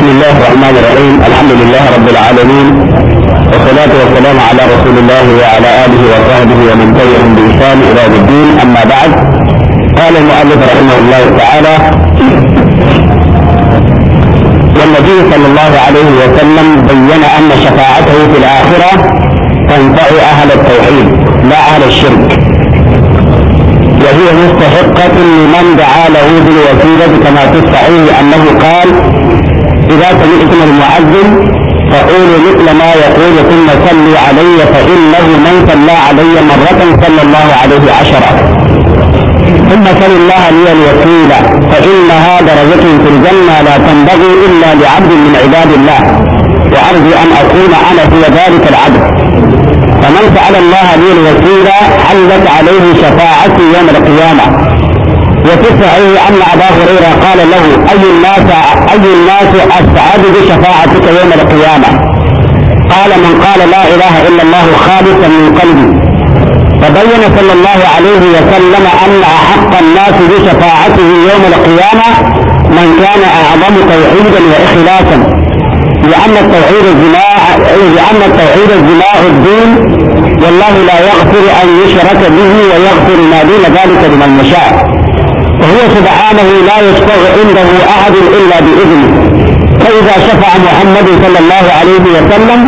بسم الله الرحمن الرحيم الحمد لله رب العالمين والصلاة والسلام على رسول الله وعلى آله وصحبه ومن تبعهم بإحسان إلى الدين أما بعد قال المؤلف رحمه الله تعالى والنبي صلى الله عليه وسلم بين أن شفاعته في الآخرة تنفع أهل التوحيد لا أهل الشرك وهي مستحقة لمن دعا له بالوسيلة كما في أنه قال إذا سمعتم المؤذن فقولوا مثل ما يقول ثم صلوا علي فإنه من صلى علي مرة صلى الله عليه عشرة ثم سل الله لي الوسيلة فإنها درجة في الجنة لا تنبغي إلا لعبد من عباد الله وأرجو أن أكون أنا هو ذلك العبد فمن سأل الله لي الوسيلة حلت عليه شفاعتي يوم القيامة وتسمعه أن أبا هريرة قال له أي الناس أي الناس أسعد بشفاعتك يوم القيامة قال من قال لا إله إلا الله خالصا من قلبي فبين صلى الله عليه وسلم أن أحق الناس بشفاعته يوم القيامة من كان أعظم توحيدا وإخلاصا لأن التوحيد الزماع لأن التوحيد الزماع الدين والله لا يغفر أن يشرك به ويغفر ما دون ذلك لمن يشاء وهو سبحانه لا يشفع عنده احد الا باذنه فاذا شفع محمد صلى الله عليه وسلم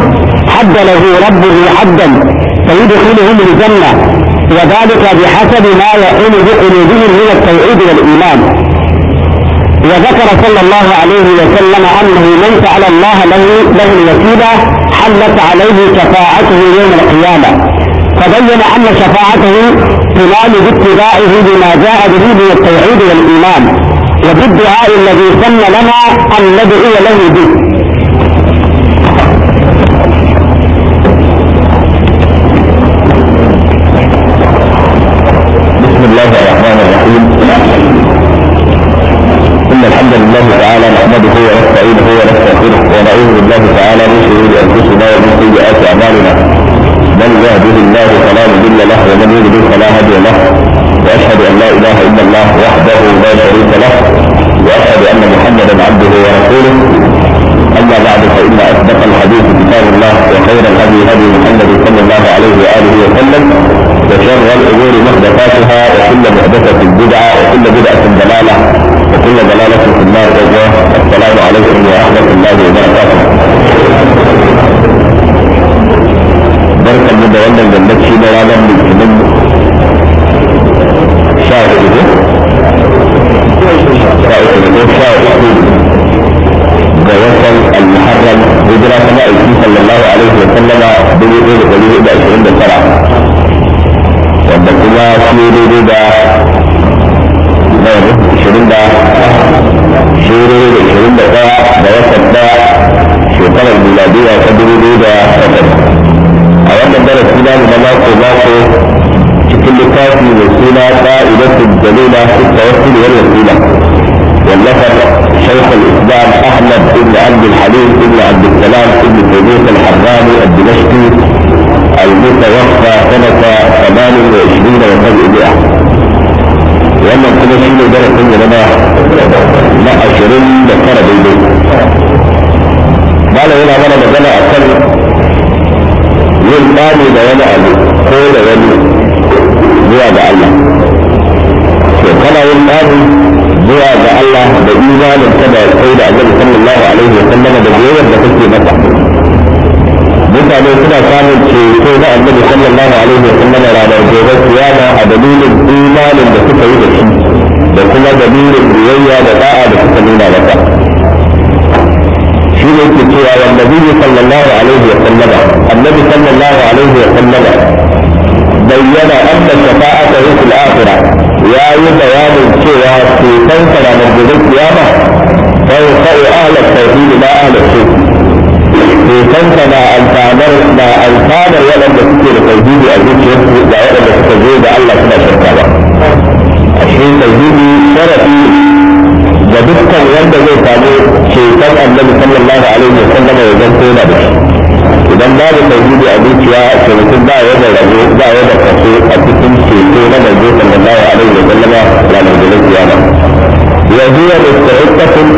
حد له ربه حدا فيدخلهم الجنه وذلك بحسب ما يقوم بقلوبهم من التوحيد والايمان وذكر صلى الله عليه وسلم انه من سال الله له له الوسيله حلت عليه شفاعته يوم القيامه فبين ان شفاعته الاحتمال باتباعه بما جاء به من التوحيد والايمان وبالدعاء الذي سن لنا ان ندعو له به أصدق الحديث كتاب الله وخير الهدي هدي محمد صلى الله عليه وآله وسلم وشر الأمور محدثاتها وكل محدثة بدعة وكل بدعة ضلالة وكل ضلالة في النار السلام عليكم ورحمة الله وبركاته barkan mu من wannan gandaci na من litinin sha شاهد sha ga watan al-muharram hijira ta ma'aiki sallallahu alaihi wa sallama dubu ɗaya da ɗari da ashirin da tara wanda kuma shi da ashirin da da ashirin dubu ɗaya da takwas a wannan darasi namu na mako mako cikin littafi mai suna ƙa'idatun jalila ta wasila والنفر شيخ الإسلام أحمد بن عبد الحليم بن عبد السلام بن تيميه الحراني الدمشقي المتوفى سنة 28 وسبع مئة وأما الدمشقي لدرجة أن لنا ما أشرين نفر بيدي قال هنا أنا مثلا أكل والثاني بيان أبي قول ولي بيان الله فقال والثاني zuwa ga Allah da imanin ta da kai da annabi sallallahu alaihi wa sallama da goyon da kake masa mutane suna samun ceto na annabi sallallahu alaihi wa sallama ranar gobe kiyama a dalilin imanin da suka yi da shi da kuma dalilin biyayya da da'a da suka nuna masa shi ne ke cewa wanda biyu sallallahu alaihi wa sallama annabi sallallahu alaihi wa sallama bayyana anna shafa'ata fil akhirah ya yi bayanin cewa kan karamin da kiyama sai sai ahlul tauhid da ahlul shirk ceton ka na alfanar na alfanar waɗanda suke da tauhidi a zuciyarsu da waɗanda suka zo da Allah suna shirka ba a ashe tauhidi sharafi ga dukkan wanda zai samu ceton annabi sallallahu alaihi wasallam ya zanto yana da shi idan babu tauhidi a zuciya to mutum ba ya da rabo ba ya da kaso a cikin ceto na manzo sallallahu alaihi wa sallama ranar da kiyama wa huwa mustahiqqatun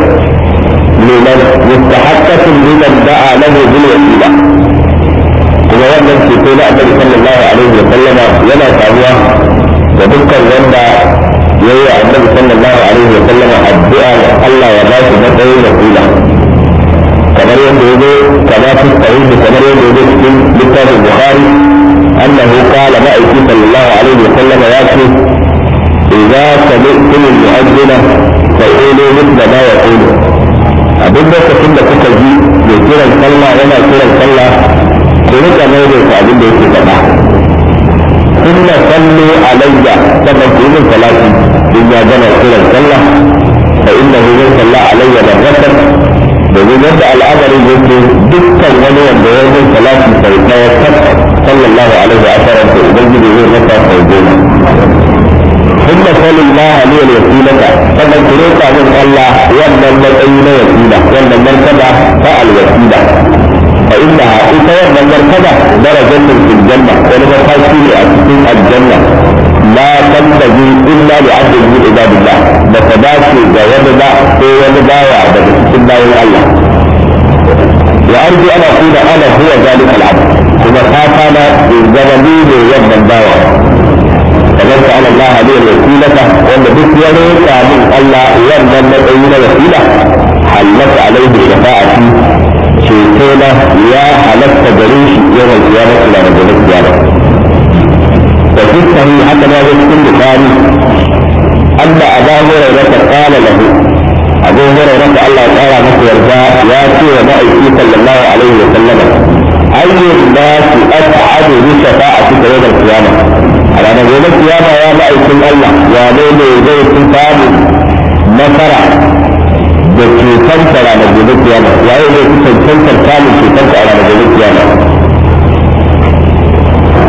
liman mustahiqqatun liman da'a lahu bil wasila kuma wannan ceto na annabi sallallahu alaihi wa sallama yana samuwa da dukkan wanda yayi annabi sallallahu alaihi wa sallama addu'a Allah ya ba shi matsayin wasila kamar yadda ya zo kama fi sahih kamar yadda ya zo cikin littafin bukhari annahu qala aiki sallallahu alaihi wa sallam ya ce idza sami'tum al-mu'adhdhina fa'ulu mithla ma yaqulu a duk lokacin da kuka ji mai kiran sallah yana kiran sallah ku rika maimaita abin da yake faɗa ثم صلوا علي تبكي من صلاتي إذا جمع كل الصلاة فإنه من صلى علي مرة domin yadda al'amarin yake dukkan wani wanda ya zai salati sai daya kan sallallahu alaihi wa sallam idan gidi zai masa sai goma ثم قال الله لي wannan فمن تريد من الله ومن مرتين وسيلة ومن مرتبة فالوسيلة فإنها إذا ومن مرتبة درجة wani mataki ne a cikin aljanna la tambayi illa li abdin min ibadillah ba ta ga wani ba ko wani bawa daga cikin bayan Allah wa arju ana kuna ana huwa zalika al'abd kuma fata na in zama ni ne wannan bawa kamar ta ana Allah ne wasilata wanda duk wani samun Allah wannan matsayi na wasila hallaka alaihi shafa'ati ceto na ya halarta gare shi yawan da gobe da dukkan haka da cikin bukari Allah a zahirar rasa kala lahu a zahirar rasa Allah ya kara masa yarda ya ce wa ma'aiki sallallahu alaihi wa sallama ayyun nasu as'adu bi shafa'ati yawm al-qiyamah a ranar gobe kiyama ya ma'aikin Allah ya ne ne zai fi samu nasara da cutar da ranar gobe kiyama ya yi zai fi cancantar samun cutar da ranar gobe kiyama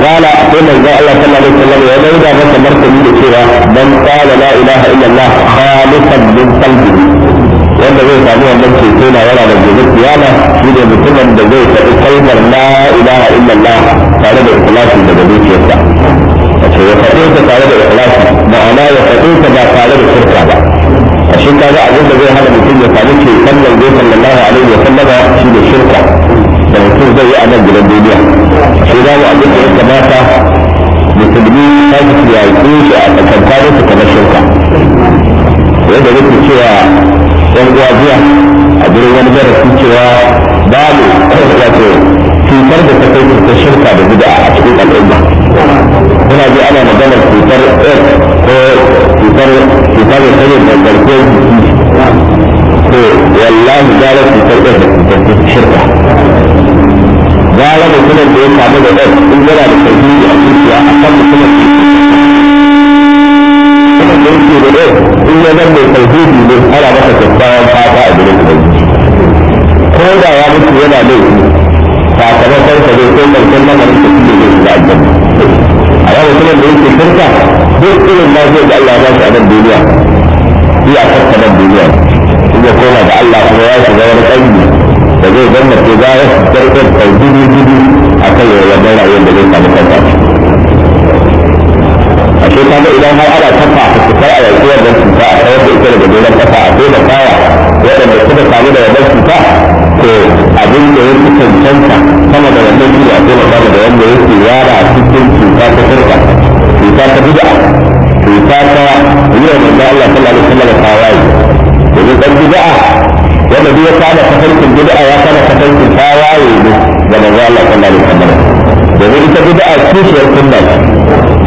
قال sai manzon Allah sallallahu alaihi wasallam ya dauka masa martani da cewa man qala la ilaha illallah khalisan min qalbihi wanda zai samu wannan ceto na yana da gobe kiyama shi ne mutumin da zai faɗi kalmar la ilaha illallah tare da ikhlasi daga zuciyarsa wato ya faɗe ta tare da ikhlasi ma'ana ya faɗe ta ba tare da shirka ba a shi kaga abin da zai hana mutum ya samu ceton manzo sallallahu alaihi wasallama shi ne shirka da mutum zai yi a nan gidan duniya sai da mu abin da ya kamata musulmi ta shi a tsakankanin su kamar shirka yadda nake cewa yan uwa jiya a gurin wani darasi cewa babu wato cutar da ta kai ta shirka da bida a cikin al'umma muna ji ana maganar cutar s ko cutar cutar da sanin da garkuwar jiki wallahi gara cutar da cutar shirka gara mutumin da ya kamu da ɗan in yana da tauhidi a zuciya a kan mutumin da yake da yake da ɗan in ya zan mai tauhidi ne ana masa kyakkyawan fata a gidan ubangiji ko da ya mutu yana laifi sakamakon sa zai kai karshen lamarin da suke zai shiga aljanna a yau mutumin da yake kirka duk irin ba zai da Allah ba su a nan duniya iya kakka nan duniya in ya koma da Allah kuma ya shiga wani ƙangi da zai zanna ke za ya fitar da kaga idan har ana kafa a cutar a yanzu wannan cuta a kawar da ita daga gidan kafa a dole kaya waɗanda suka samu da wannan cuta to abin da ya fi cancanta sama da wannan shi a taimaka da wanda yake yara cikin cuta ta turka cuta ta bid'a cuta ta yi wa manzo Allah sallallahu alaihi wasallam tawaye domin dan bid'a wanda duk ya kada tafarkin bid'a ya kada tafarkin tawaye ne ga manzo Allah sallallahu alaihi wasallam domin ita bid'a kishiyar sunna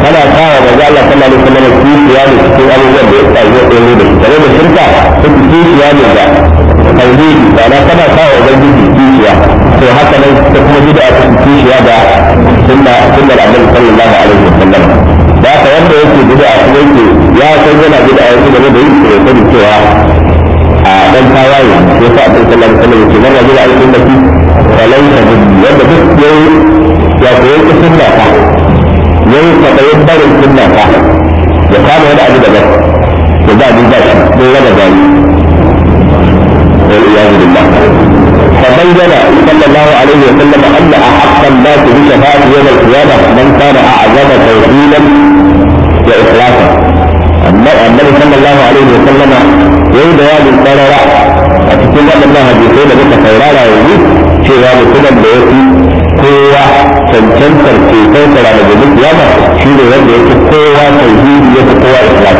kana kawo manzo Allah sallallahu alaihi wasallam kishiya ne cikin abubuwan da ya sa ya da shi da shirka kuma kishiya ne da tauhidi ba na kana kawo ubangiji kishiya to haka nan ta kuma bid'a ta kishiya da sunna sunnar sallallahu alaihi wasallam da ka wanda yake bid'a yake ya san yana bid'a yake game da yin tsoro sani cewa a dan tawaye ya sa annabi sallallahu alaihi wasallam yake man rajula al-sunnati falaysa bi yadda duk yayi ya koyi sunna ta yayi matsayin barin sunna ta ya kama wani وبعد daban من ولد ni والعياذ بالله فبين صلى الله عليه وسلم ان احق الناس بشفاعه يوم القيامه من كان اعظم توحيدا واخلاصا النبي صلى الله عليه وسلم يوم بيان قال لا ان الله بيقول لك خيرا لا يجوز في هذا السنن بيوتي kowa cancantar ke kankara da gobe kiyama shi ne wanda fi kowa tauhidi fi kowa islam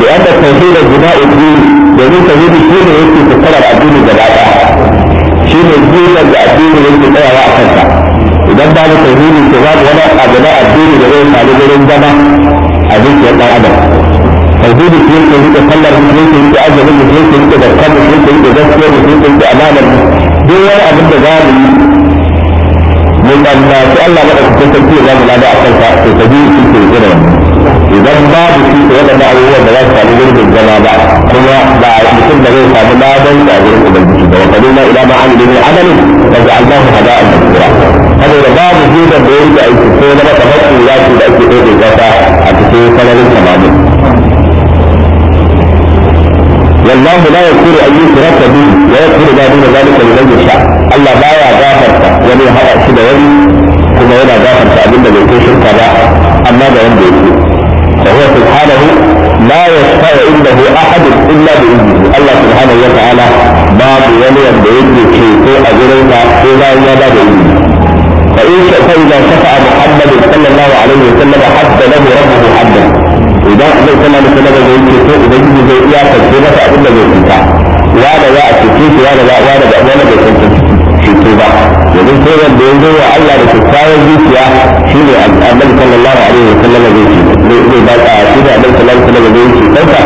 da yadda tauhid da guda uku domin tauhid shi ne yake kankara da addini gaba ɗaya shi ne jiran da addini yake tsayawa a kansa idan babu tauhidi to babu wani abu na addini da zai samu gurin zama a zuciyar ɗan adam tauhidi shi yake rike sallar musulunci yake azumin musulunci yake zakar musulunci yake gaskiyar musulunci yake amanar duk abin da za mu yi mu tsammaci Allah ba da kusa sarki ya zama lada a kansa to ka biyu shi ke irin idan babu shi to waɗanda abubuwan da za su samu gurbin zama ba kuma ba mutum da zai samu ladan da gurin ubangiji ba wanda nuna ila ma an ne adalin da ga Allah hada an nasira saboda babu zuban da ya rike aiki ko na maka mafi yaki da ake ɗaiɗaita ta a cikin sanarin samanin والله لا يغفر أن يشرك به ويغفر ما دون ذلك لمن يشاء الله لا يغفر ولي هذا كذا ولي كما يلا غفر أبدا من كل شرك لا أما لا يملك فهو سبحانه لا يشفع عنده أحد إلا بإذنه الله سبحانه وتعالى باب ولي بإذنه شيء أجرنا إلى ما بإذنه فإن فإذا شفع محمد صلى الله عليه وسلم حد له ربه حدا dan Allah kana da sallama da ko ubangiji zai iya kace masa abin da zai tsinta ya da za a cece shi ya da za ya da wani ba domin wanda ya zo wa Allah da kyakkyawar zuciya shine annabi sallallahu alaihi wa sallam zai ce zai ba ka shi da annabi sallallahu alaihi wa sallam zai ce kanka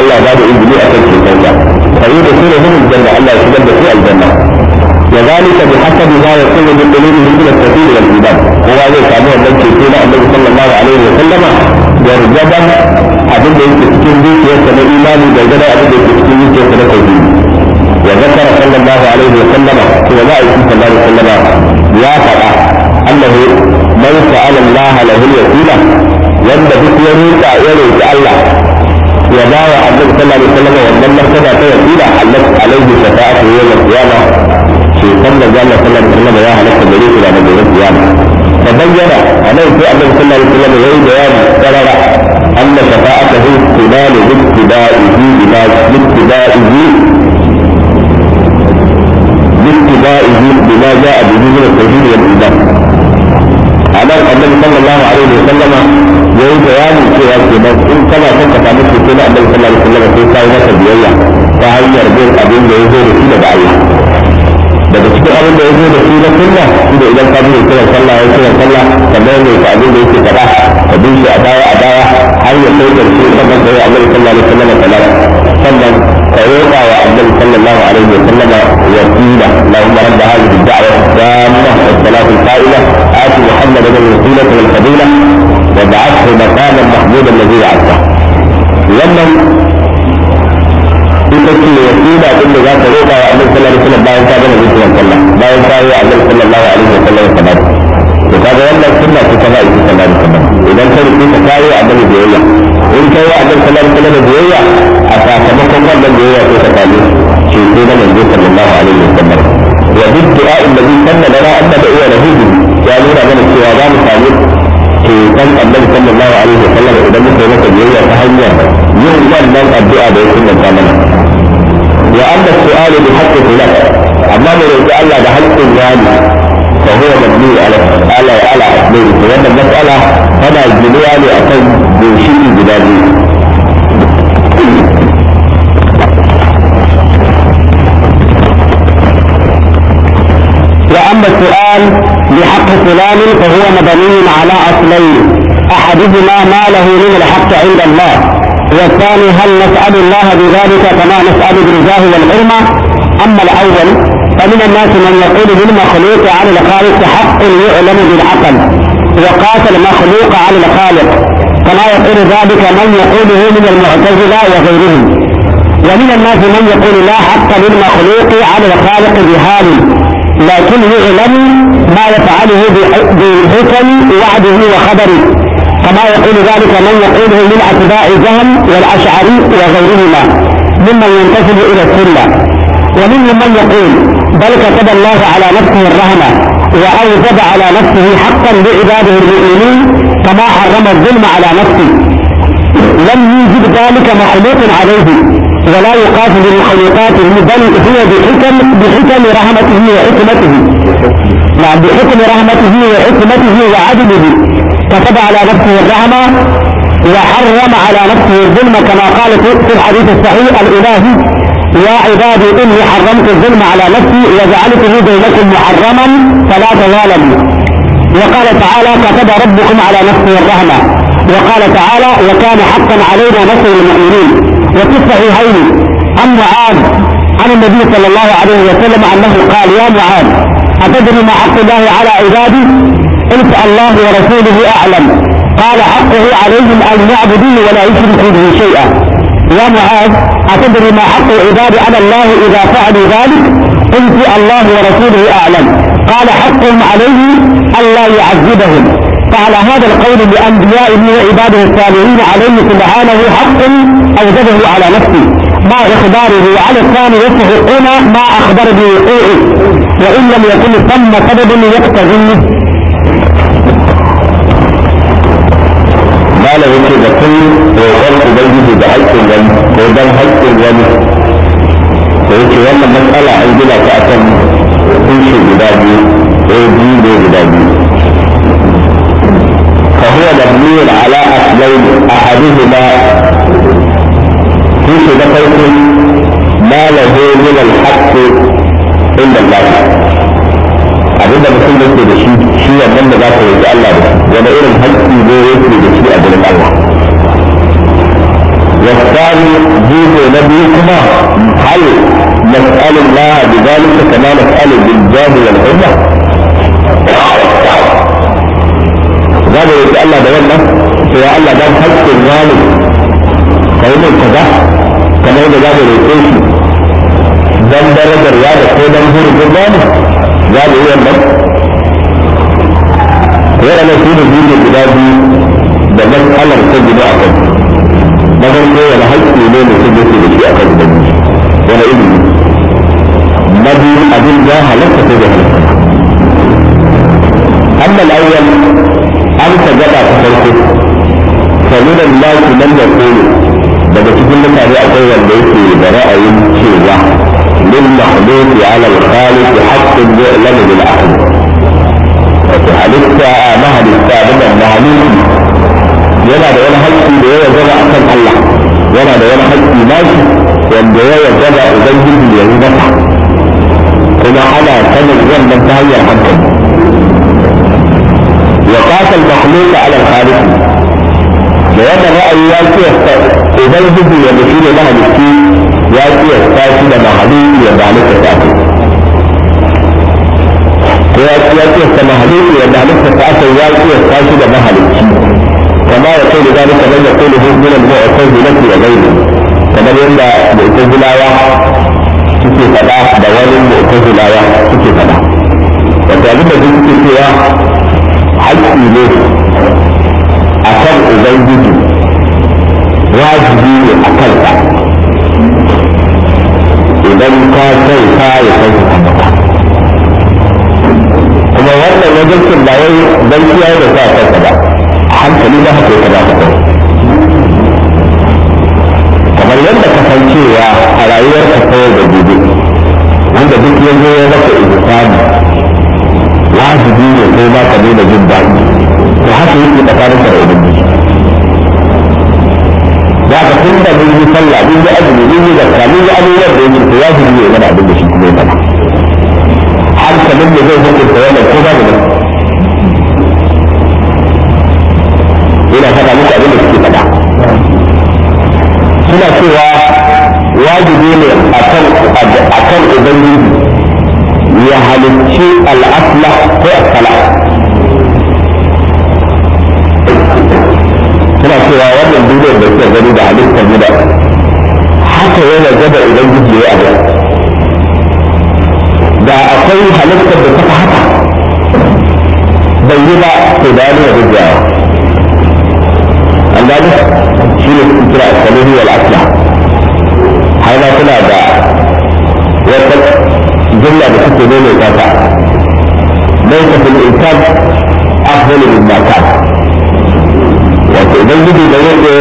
Allah ba da izini akan sai da sura hudun Allah ya shigar da su aljanna وذلك بحسب ما يكون من قلوبهم من التوحيد والايمان هو الذي كان النبي صلى الله عليه وسلم gargadan abin da yake cikin zuciyarsa na imani gargadan abin da yake cikin zuciyarsa na tauhidi ya zakara sallallahu alaihi wa sallama kuma za a yi sallallahu alaihi wa sallama ya faɗa annahu man sa'ala Allah lahu wanda duk ya roƙa ya roƙi Allah ya ba wa annabi sallallahu alaihi wannan martaba ta wasila Allah alaihi shafa'atu yawm al-qiyamah shi kan da Allah sallallahu alaihi wasallam ya halatta gare shi da gobe kiyama ta bayyana a nan sai annabi sallallahu alaihi wasallam yayi bayani karara anna shafa'atuhu tibalu bittiba'ihi bima bittiba'ihi bittiba'ihi bima ja'a bihi min at-tauhid wal iman anan annabi sallallahu alaihi wasallam yayi bayani cewa kenan in kana son ka samu ceto na annabi sallallahu alaihi wasallam sai kai masa biyayya ta hanyar bin abin da ya zo da shi daga Allah daga cikin abin da ya zo da sunan sunna shi da idan ka bude kiran sallah ya kiran sallah kamar mai ka abin da yake faɗa ka bi shi a baya a baya har ya kai karshe sannan ka yi annabi sallallahu alaihi wasallam salatu sannan ka roƙa wa annabi sallallahu alaihi wasallam wasila allahumma rabb hadhihi ad-da'wa التامة والصلاة القائمة آت محمدا الوسيلة والفضيلة وابعثه مقاما محمودا الذي وعدته. wannan. ita ce wasila din da za ka roƙa wa Allah sallallahu alaihi bayan ka gama zikirin sallah bayan ka yi Allah sallallahu alaihi wasallam salati to kaga wannan sunna ce ta ba ita sallallahu alaihi idan ka rubuta ka kai Allah biyayya in kai yi Allah sallallahu alaihi biyayya a sakamakon wannan biyayya ko ta kalle ce sai da manzo sallallahu alaihi wasallam wa bid du'a alladhi sanna lana anna da'a ya nuna mana cewa za mu samu ceton annabi sallallahu alaihi wasallam idan muka yi masa biyayya ta hanyar yin wannan addu'a da ya sunnanta mana wa amma su'alu bi haqqi khilaf amma da roƙi Allah da haƙƙin wani fa huwa mabni ala ala ala asbihi wannan mas'ala tana ginuwa ne akan doshi guda biyu وأما السؤال بحق فلان فهو مبني على أصلين أحدهما ما له من الحق عند الله والثاني هل نسأل الله بذلك كما نسأل بالله والعلم أما الأول فمن الناس من يقول بالمخلوق على الخالق حق يعلم بالعقل وقاتل المخلوق على الخالق كما يقول ذلك من يقوله من المعتزلة وغيرهم ومن الناس من يقول لا حق للمخلوق على الخالق بحال لكن يعلم ما يفعله بحكم وعده وخبره كما يقول ذلك من يقوله من اتباع جهم والاشعري وغيرهما ممن ينتسب الى السنه ومنهم من يقول بل كتب الله على نفسه الرهنه واوجب على نفسه حقا لعباده المؤمنين كما حرم الظلم على نفسه لم يوجب ذلك مخلوق عليه ولا يقاس بمخلوقاته بل هي بحكم بحكم رحمته وحكمته نعم بحكم رحمته وحكمته وعدله كتب على نفسه الرحمة وحرم على نفسه الظلم كما قال في الحديث الصحيح الإلهي يا عبادي إني حرمت الظلم على نفسي وجعلته بينكم محرما فلا تظالموا وقال تعالى كتب ربكم على نفسه الرحمة وقال تعالى وكان حقا علينا نصر المؤمنين وفي الصحيحين عن معاذ عن النبي صلى الله عليه وسلم انه قال يا معاذ اتدري ما حق الله على عبادي قلت الله ورسوله اعلم قال حقه عليهم ان يعبدوه ولا يشركوا به شيئا يا معاذ اتدري ما حق العباد على الله اذا فعلوا ذلك قلت الله ورسوله اعلم قال حقهم عليه الا يعذبهم فعلى هذا القول الأنبياء من عباده الصالحين عليه سبحانه حق أوجبه على نفسه مع إخباره على الثاني يستحقون ما أخبر بوقوعه وإن لم يكن ثم سبب يقتضيه قال يكي بكل وغلط بينه بحيث الغني وبين حيث الغني ويكي وانا مسألة عندنا تأتم شيء بدادي ويجيب بدادي فهو مبني على أصلين أحدهما كيف ذكرتم ما له من الحق عند الله abin da mutum yake da shi shi wannan da za ka yi Allah da wani irin hanki ne yake da shi a gurin Allah wasani jibo na biyu kuma hal mas'alin la bi zalika kama mas'alin bil jahil al-umma za mu roƙi Allah da wannan sai ya Allah dan haƙƙin zalim kai mun kaza kamar da za mu roƙe shi dan darajar ya da ko dan hurumin zalim za mu yi wannan waɗannan su ne biyu guda biyu da matsalar ta gida a kan na farko wani haƙƙi ne mutum yake da shi a kan ubangiji wani ilimi na biyu abin ya halatta ko da halatta amma al'ayyar an ka gaba ta farko kamar laki nan da koyo daga cikin mutane akwai wanda yake da ra'ayin cewa lil makhluq ala al khaliq haqqun yu'lam bil aql wato halitta a mahalitta da mahaluki yana da wani haƙƙi da ya zama akan Allah yana da wani haƙƙi nashi wanda ya gaba ubangiji ya yi masa kuma ana sanin wannan ta hanyar hankali wa qasa al-makhluq ala al-khaliq da wannan ra'ayi ya kiyasta ya mutu da mahalicci ya kiyasta shi da mahalicci ya zalika ta ko ya kiyasta mahalicci ya zalika ta ya kiyasta shi da mahalicci kama ya kai da zalika man yaqulu hu min al-mu'tazilati wa kamar yadda da wani cewa haƙƙi ne a kan ubangiji wajibi ne a ka idan ka kai ka ya kai ka maka kuma wannan wajibcin ba wai don kiyaye da sa kansa ba a hankali na haka ka ba ka kai kamar yadda ka san cewa a rayuwarka ta yau da gobe wanda duk yanzu ya maka ihsani wajibi ne ko ba ka nuna jin daɗi to haka yake tsakanin ka da ubangiji za ka tun da mun yi sallah mun yi azumi mun yi zakka mun yi abubuwan da yake to wajibi ne mana abin da shi kuma ya faɗa hankalin da zai hukunta wannan ko ba da yana faɗa muku abin da suke faɗa suna cewa wajibi ne a kan ubangiji ya halicci al'asla ko asala suna cewa wannan duniyar da suka gani da halittar mu da haka yana gaba idan gudu ya abu da akwai halittar da ta haka bai yi ba to da yana gujewa an gani shi ne su kira a wal asla har ma suna da wata jumla da suke nuna ta ta laisa fil insan afdalu mimma kana wato idan gidi da yake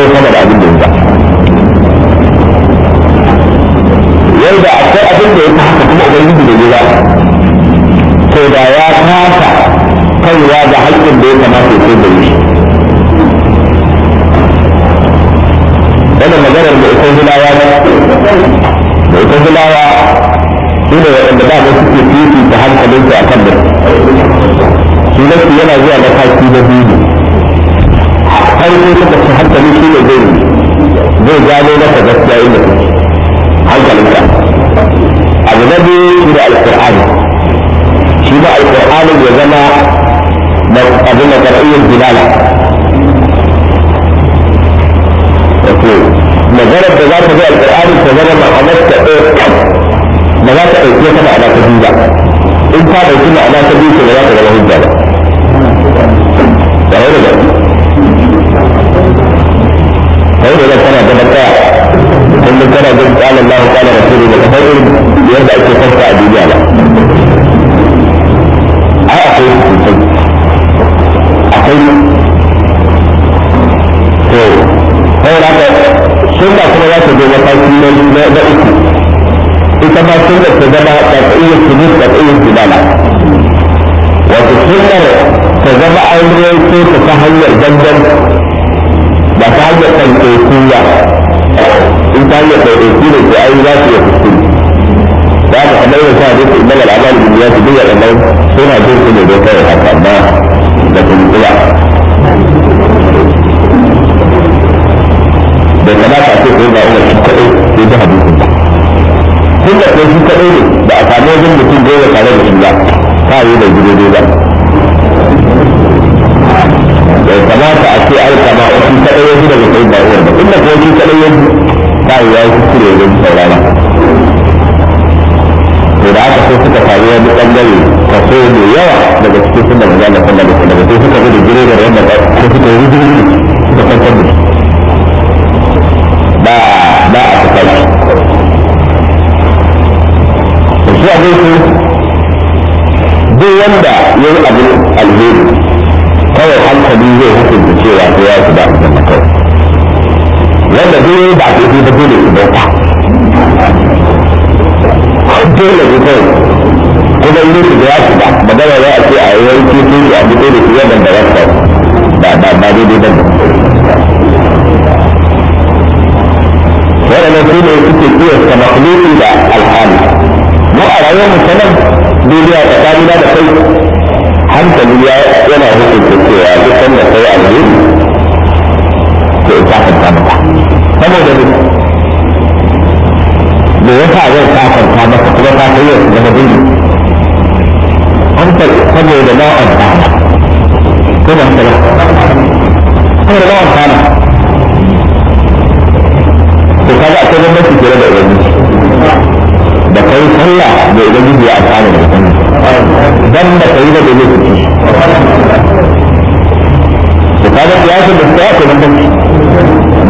shi ne suke ta makhluki da alhali mu a rayuwar mu sanar duniya tsakanina da kai hankali ya yana hukunta cewa duk sanda kai alheri to ita ta maka saboda ne me yasa zan safarta maka kuma ta kai yau daga dini hankali saboda na kuma hankali saboda na kaga akwai bambanci kira da ubangiji da kai sallah da ubangiji ya amfana da mutum dan da kai da dole ku ci to kaga kiyasin da ta akwai bambanci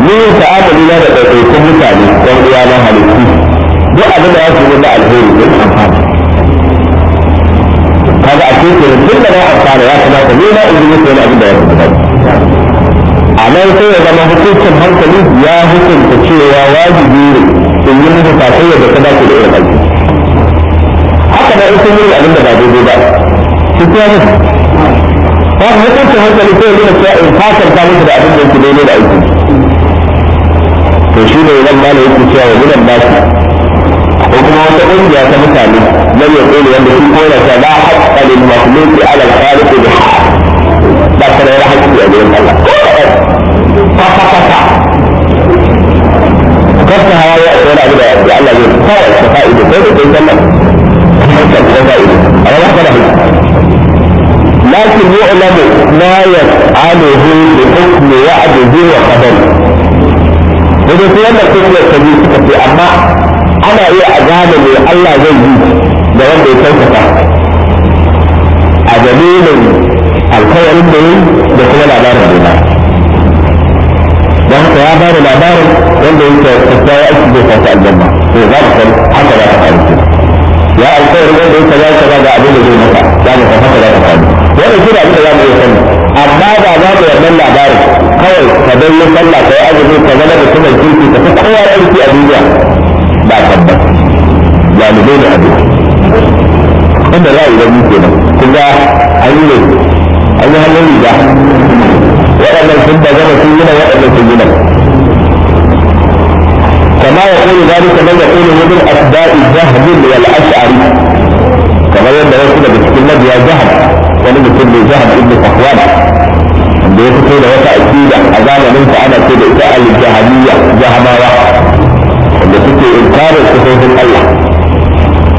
ni ta'amuli na da ɗaiɗaikun mutane ɗan uwa na halittu duk abin da ya su da alheri ne amfana kaga a cikin tun da na amfana ya kamata ne na in yi wani abin da ya fi amma sai ya zama hukuncin hankali ya hukunta cewa wajibi ne in yi musu sakayya da ta dace da irin aiki haka da ita yi abin da ba daidai ba Cikin kuma Ba ba hukuncin hankali sai ya nuna cewa in fasar ta mutu da abin da yake daidai da aiki to shi ne nan ma ne yake cewa wa gudan ba su ko kuma wata ƙungiya ta mutane lam ya ƙoli wanda shi kora ta la haƙƙa lil makhluqi ala al-khaliq bi da ba ta da haƙƙi a gidan Allah kwata-kwata kwata ya ta da kai لكن يعلم ما يفعله بحكم وعده وقدره da su wannan kusurwar ta suka ce amma ana iya a gane mai Allah zai yi da wanda ya kyautata a dalilin alkawarin da yi da kuma labarin da ya ba da labarin wanda yake ya aiki zai tafi aljanna to za ka san haka za ta faru ya alƙawari wanda yake za ka ba abin da zai maka za ka san haka za ta faru wannan shi ne abin da za mu iya sani amma ba za ka yarda labarin kawai ka dai yi sallah kai azumi ka zama da kuma kirki ka fi kowa aiki a duniya ba tabbas jalibai ne abin wanda za a yi da mu kenan kun ga an yi ne an yi hannun riga waɗannan sun da gama sun yi na waɗannan sun yi na كما يقول ذلك من يقول من أتباع الجهل والاشعري كما يقول ذلك بسم الله يا جهل ومن كل جهل ابن صفوان عند يقول هو تأكيد أزال منك أنا كده إتعال الجهلية جهمارة عند يقول إنكار الصفوف الله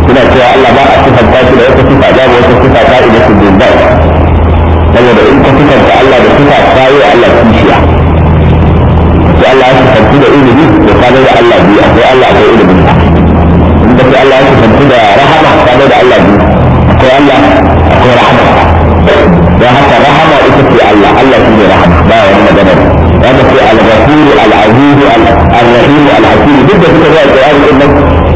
كنا سواء الله ما أصف الفاتل ويقصف أجاب ويقصف أجاب ويقصف أجاب ويقصف أجاب ويقصف أجاب ويقصف أجاب ويقصف أجاب ويقصف أجاب ويقصف أجاب ويقصف أجاب ويقصف أجاب ويقصف أجاب ويقصف أجاب ويقصف أجاب ويقصف أجاب ويقصف أجاب ce Allah ya sifantu da ilimi da kaga da Allah biyu akwai Allah akwai ilimin in ka ce Allah ya sifantu da rahama kaga da Allah biyu akwai Allah akwai rahama don haka rahama ita ce Allah Allah shi ne rahama ba wani magana wanda ce al-ghafuru al-azizu al-rahim al-hakim duk da suka zo a Qur'ani din nan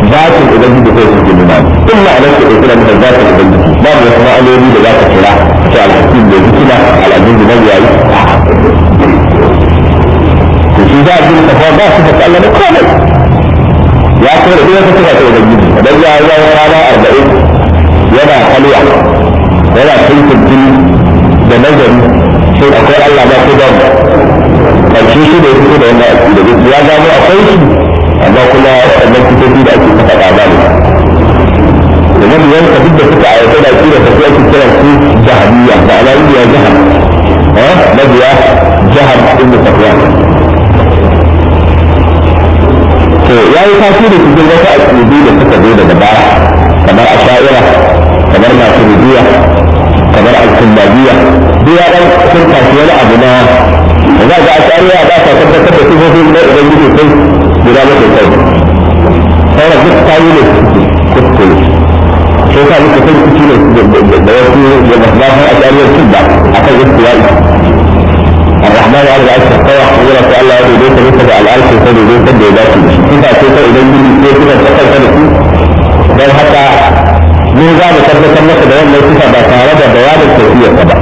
zatin ubangiji sai su ji nuna in ma'anar su ɗauki da zatin ubangiji babu wasu ma'anoni da za ka kira ce al-hakim da zikira al-azizu mai yayi إذا أجل تفاضى ستتألم القابل يأكل إيه فتفاة إلى الجن فبدأ إذا وقال أربعين يدا خلوع ولا سيف الدين بنظر شيء أقول الله ما تضم فالشيء شيء يكون هنا يا جماعة أقول أما كل أنك تفيد أكيد فقط أعمالك النبي ينسى جدا في تعايشنا كده تقول في كده في جهنية معناه إيه يا جهن ها نبي جهن ابن سفيان to ya yi tasiri cikin wata aƙidu da suka zo daga baya kamar asha'ira kamar masu rubiya kamar alkullabiya duk ya ɗan sun tafi wani abu na za ga asha'ira ba ta tabbatar da sifofin na ubangiji sai guda mafi kai sauran duk tayi ne kuskure sai ka muka san kuskure da wasu da ba a asha'iriyar cin ba akan kuwai. الرحمن على العرش استوى قدرة الله يدي ليس ليس على العرش يسدي ليس بيداته كيف كيف إذا يجي كيف كيف تفكر كيف بل حتى من زاد ثبت لك بيان ليس بطارة بيان الكيفية تبع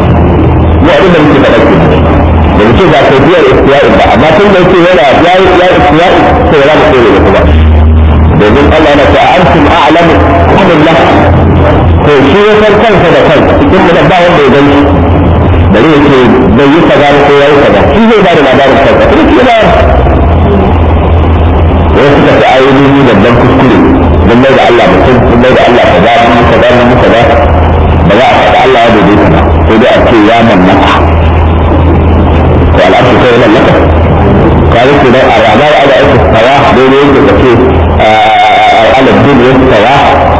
وأبدا من كيف تفكر da mutum ba ta biyar istiya'in ba amma tun da yake yana ya yi ya istiya'in sai ya zama sai da kuma domin Allah yana ta antum a'lamu amillah to shi ya san kansa da kansa cikin da ba wanda ya gani bari yake ce bai yi kaza ba ko ya yi kaza shi zai ba labarin kaza kuma shi yana wasu suka ta ainihi babban kuskure don mai da Allah mutum sun mai da Allah kaza mun kaza mun kaza ba za a faɗa Allah ya daidaita ba ko dai a ce ya mannaka ko al'adu kai yana laka kare ke nan a rana da aka daidai yake ka ce al'adun yin tsawa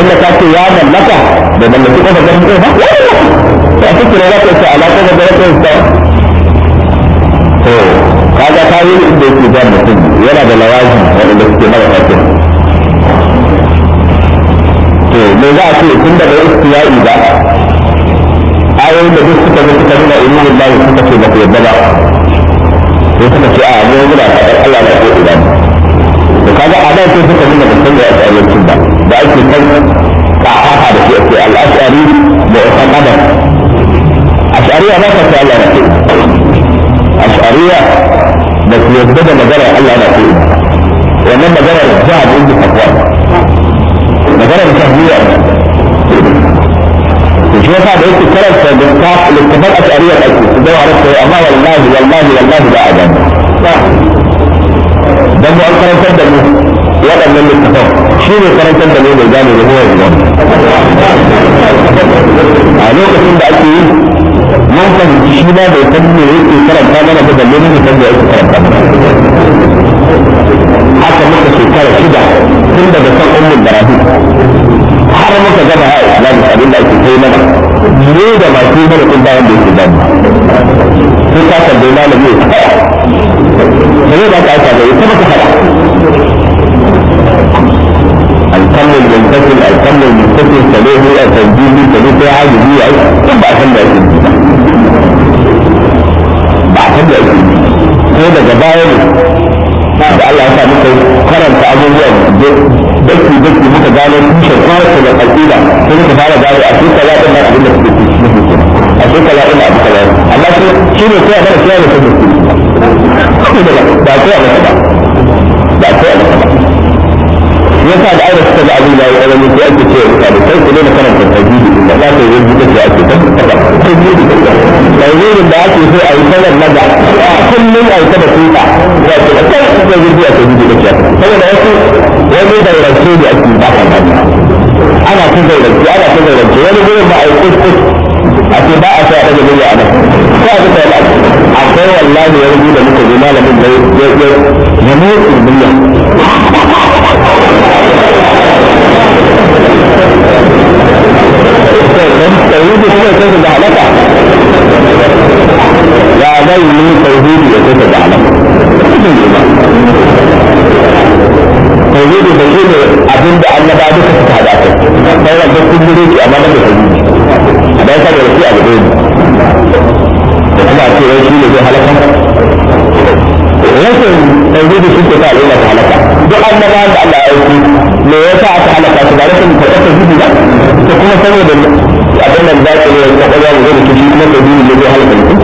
tunda ta ce ya mallaka da mallaki kafa garin ko ba to a cikin za ka ce alaƙa da garin ta to kaga ta yi inda yake da mutum yana da lawaji wanda suke mara fatin to me za a ce tun daga yi ba ayoyin da duk suka zai suka nuna ilmin Allah suka ce ba ku yadda ba sai suka ce a mu wani faɗar Allah na ko idan to kaga a nan sai suka nuna da san da ya ci ba da ake kai ka haka da ke ce al'ashari da usan adam ashariya ba ta ce Allah na ce ashariya da su yadda da magana Allah na ce wannan maganar jihar inda takwa maganar tahmiya shi yasa da yake karanta littafin littafin ashariya ake su zama rasa amma wallahi wallahi wallahi da adam dan mu an karantar da mu waɗannan littafan shi ne karantar da ne mai gane da kuma yanzu a lokacin da ake yi mun fahimci shi ma bai san me yake karanta mana ba balle mun san da yake karanta mana haka muka shekara shida tun daga kan ummul barahi har muka gaba ya islamu abin da ake kai mana ne da masu mana kun bayan da yake dani sai ka tambayi malami ya faɗa ba zai ba ka aika ba ya kuma ka faɗa الخمر المنتقل الخمر المنتقل تلوه التنجيل تلوه عاجز هي ثم أحسن لك بأحسن لك هذا da Allah ya sa muka karanta abubuwan daki daki muka gano tushen kowace da al'ida sai muka fara gano a cikin kaza din abin da suke a cikin kaza din abu kaza amma shi ne sai a bar shi ne sai da ba ko a ba ba ko a ba yasa da aure suka ga abin da ya tsanani sai ake ce mutane sai ku daina karanta tajwidi din da za ka yi rubuta da ake ta tajwidi din da tajwidin da ake so a yi sanar na da kullum a yi ta da tuta da kai da zai rubuta tajwidi da saboda wasu wani da rance da ake ba ka ana ta zaurance ana ta zaurance wani gurin ba a yi kuskus a ce ba a sa a ɗaga a nan ko a bisa al'adu akwai wallahi wani da muka je malamin da ya ya ya motsin murya tauhidi suna kai da halaka ya zai yi tauhidi ya kai da halaka tauhidi da shi ne abin da naba duka suka hada kai sai da dukkan mulki amma da tauhidi a dai ka da shi a gaba da kuma ce wai shi ne zai halaka rashin tauhidi shi ke sa al'umma halaka duk annaba da Allah ya aiki me yasa aka halaka su ba rashin tauhidi ba ta kuma saboda wannan bakin ya ta kwaza mu zai kici kuma tauhidi ne zai halaka mutum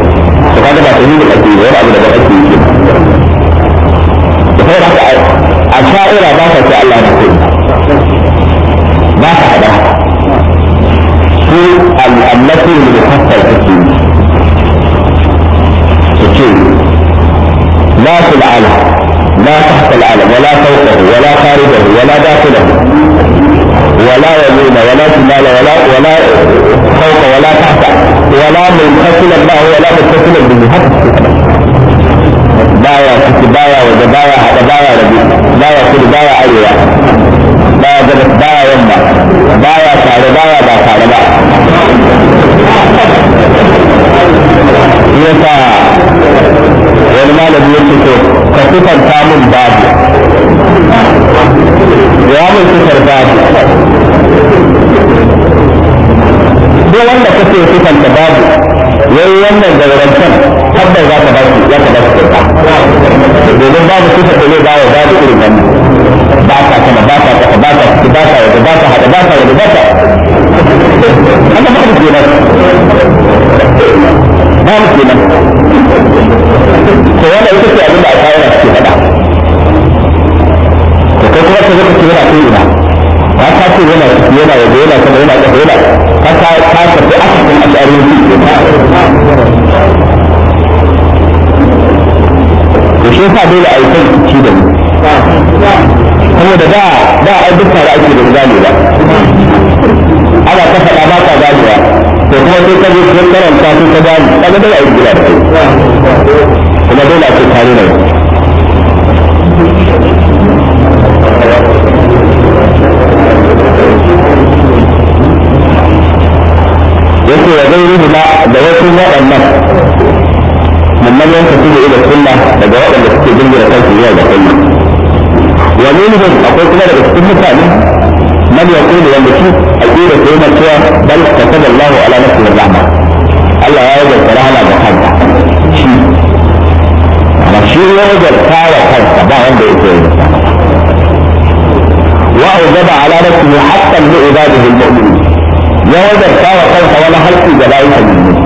to kaga ba tauhidi da ake wani abu da ba ake yi da kai da a sha'ira ba ta ce Allah na kai ba ta hada su al-annatu wannan daura sa dole a yi kai ci da kuma da da a duk tare ake da gane ba ana ta faɗa ba ka ba to kuma sai ka zo ka karanta sai ka gane kaga dole a yi gida da kai kuma dole a ce tare da yake ya zai rubuta da wasu waɗannan من لم ينتسب الى السنه فجواب انك تجنب رسالته الى السنه ومنهم اقول كده بس كل ثاني من يقول والمشيء اقول كلمه سوى بل كتب الله على نفسه الرحمه الله يا رجل صلاح على محمد shi ya zarta wa kansa ba wanda ya ce wa auzaba ala nafsihi haqqan li ibadihi al-mu'minin ya zarta wa kansa wani haƙƙi da bayin mu'minin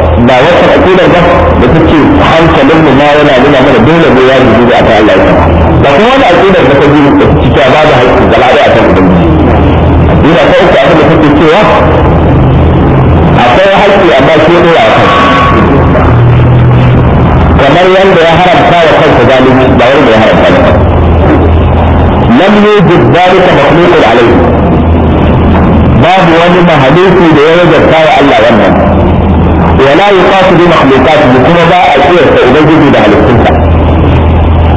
ba wata akidar ba da take hankalin mu ma yana nuna mana dole ne ya yi da aka Allah ya ba kuma wani akidar da ta ji da cewa babu haƙƙi gaba da akan ubangiji akida ta uku abin da take cewa akwai haƙƙi amma ke dora a kamar yadda ya haramta wa kansa zalimi ba wanda ya haramta da kansa lam yujid dhalika makhluqun alayhi babu wani mahaluki da ya wajabta wa Allah wannan wala yuqatu bi makhluqatihi kuma ba a kiyasta ubangiji da halittunsa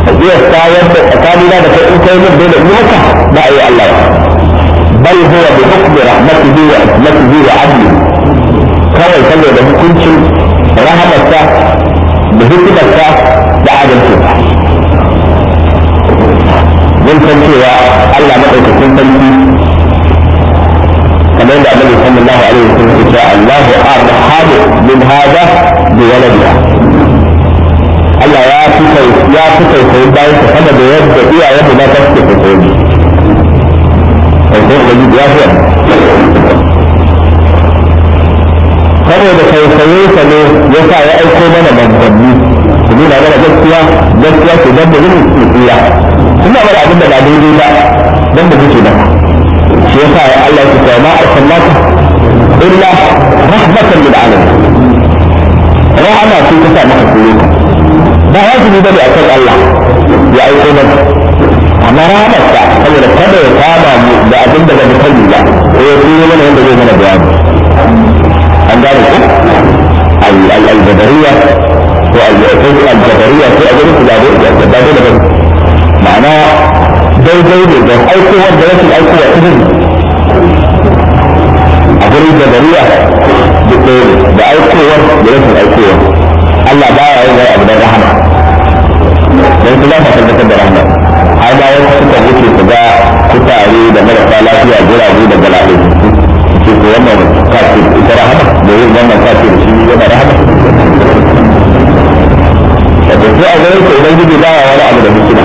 a kiyasta yadda tsakanina da kai in kai min dole in haka ba a yi Allah ba bal huwa bi hukmi rahmatihi wa hikmatihi wa adli kawai saboda hukuncin rahamarsa da hikimarsa da adalcinsa mun san cewa Allah madaukakin sarki kamar da annabi sallallahu alaihi wasallam ya ce Allahu arhamu min hada bi waladiha Allah ya fi ya fi tausayin bayan ka sama da yadda iyayen da ta fi tausayin tausayin da yi ya saboda tausayin sa ne ya sa ya aiko mana manzanni su nuna mana gaskiya gaskiya su dan da yin tsira. suna mana abin da ba daidai ba dan da kuke maka shi yasa ya Allah ya ce ma arsalnaka illa rahmatan lil alamin rahama ce ta sa maka kore ka ba wajibi bane akan Allah ya aiko mana amma rahamar ta saboda kada ya kama mu da abin da ba mu sani ba ko ya kuma mana yadda zai mana bayani an gane ko al-albadariya ko al-jabariya ko a gurin su ba dole ba ma'ana daidai ne don aikowar da rashin aikowa ta zai a gurin da bariya duk ɗaya ne da aikowar da rashin aikowar Allah ba ya yin abu da rahama don su za su tabbatar da rahama har bayan suka wuce su ga kutare da marasa lafiya guragu da galaɗe su ko wannan kafi ita rahama da yin wannan kafi shi yana rahama da su a gurin su ubangiji ba ya wani abu da hikima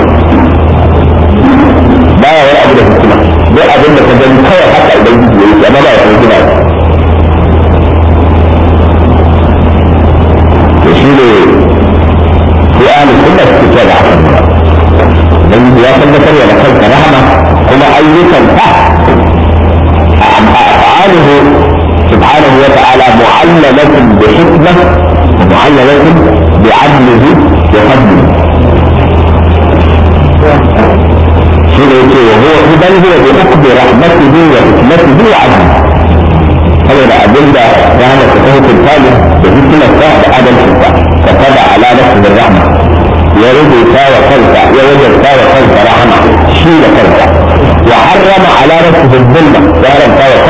larabci da zulma ya haramta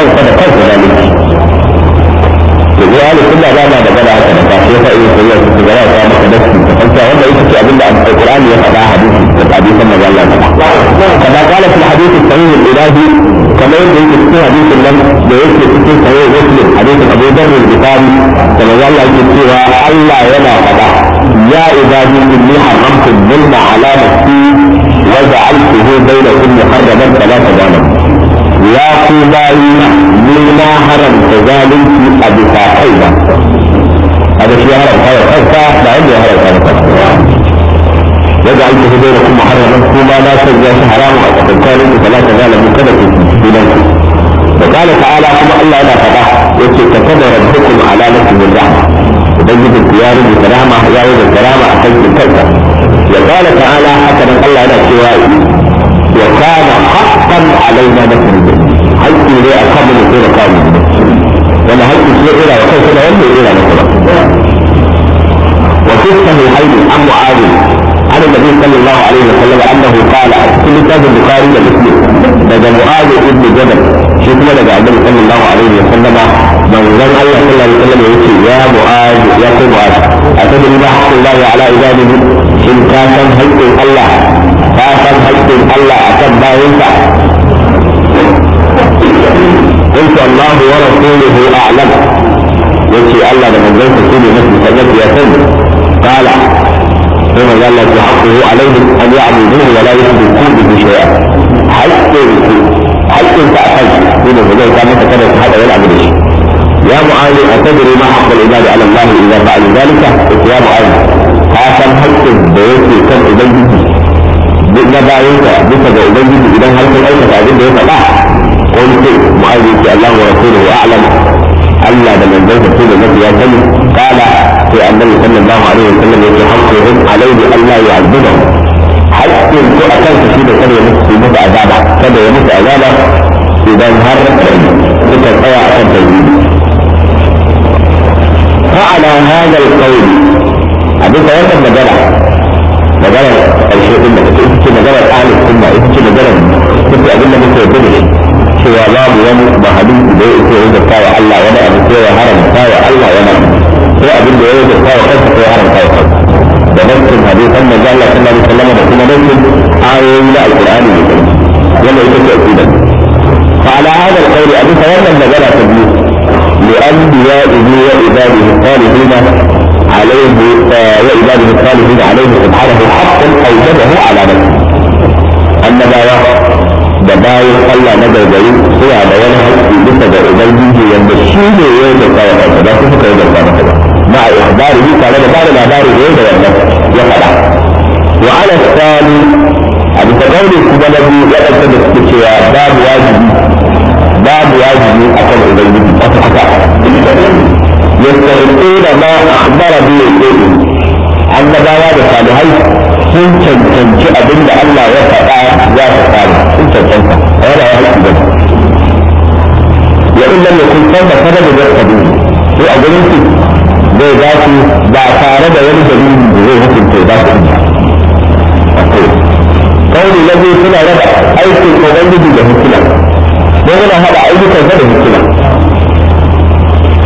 kuma na sanya shi haramun a tsakankanin ku fala ta zalamu kada ku sunan ku da kala ta'ala kuma Allah yana faɗa yace ta kada rabbukum ala lakum rahma ubangijin ku ya rubuta rahma ya rubuta rahma a kan kanka ya kala ta'ala haka nan Allah yana cewa ya kana haqqan alaina nasrul haƙƙi ne a kan mu da kan mu wanda haƙƙi ne ira wa kansa da wanda ira na kuma wa fi sahihaini an mu'adil عن النبي صلى الله عليه وسلم انه قال في كتاب البخاري ومسلم لدى معاذ بن جبل شكرا لدى النبي صلى الله عليه وسلم من زم الله صلى الله عليه وسلم يقول يا معاذ يا معاذ اتدري ما حق الله على عباده ان كان منهج الله فاخر حق الله اكد ما ينفع قلت الله ورسوله اعلم يقول الله لمن زم سيدي مثل سيدي يا سيدي قال sai manzo Allah ya haƙo alaihim an ya'budu wa la da bihi shay'a haƙƙin su haƙƙin ta akan su ne ba zai ka maka kada ta haɗa wani abu da shi ya mu'azi atadri ma haqqul ibadi ala Allah idza fa'alu dhalika ya mu'azi ka san haƙƙin da yake kan ubangiji duk na bayansa bisa ga ubangiji idan har ka aikata abin da ya faɗa ko mutum mu'azi ce Allah wa rasuluhu a'lam Allah da manzansa su da mafi ya gani kala sai annabi sallallahu alaihi wa sallam yake hakkuhum alaihi Allah ya azuba hakkin ko a kansa shi da kada ya musu musu azaba kada ya musu azaba idan har suka tsaya akan tauhidi فعلى هذا القول abin da wannan magana magana ƙarshe din da ita ce maganar ahlus sunna ita ce maganar duk abin da muke gudu cewa babu wani ba hadisi da ya ce ya zarta wa Allah wani abu ko ya haramta wa Allah wani ko abin da ya zarta wa kansa ko ya haramta wa kansa da nassin hadisan manzo Allah sallallahu alaihi wasallam da kuma nassin ayoyin da alqur'ani ne wannan ita ce aqida fa ala hada alqawli abin sa wannan magana ta biyu li anbiya'ihi wa ibadihi salihin عليه وعباده الصالحين عليه سبحانه حقا اوجبه على نفسه. النبوة da bayan Allah na gargari suna da wani haƙƙi bisa ga ubangiji yadda shi ne ya yi zarta wa kansa ba su suka yi zarta masa ba ma a ikbari bi tare da ba da labari da yadda wannan ya faɗa wa ala tsani a bisa gauri kuma na biyu ya ɗauka da suke cewa babu wajibi babu wajibi a kan ubangiji kwata kwata yastahiquna ma akhbara bihi annabawa da salihai sun cancanci abin da Allah ya faɗa za su kare sun cancanta a yana ya haƙi gaba ya in lam yakun da sababa da ne. Sai a gurin su zai za su ba tare da wani dalili da zai hukunta za su kawai na zai suna raba aikin ubangiji da hukuma don yana haɗa ayyukansa da hukuma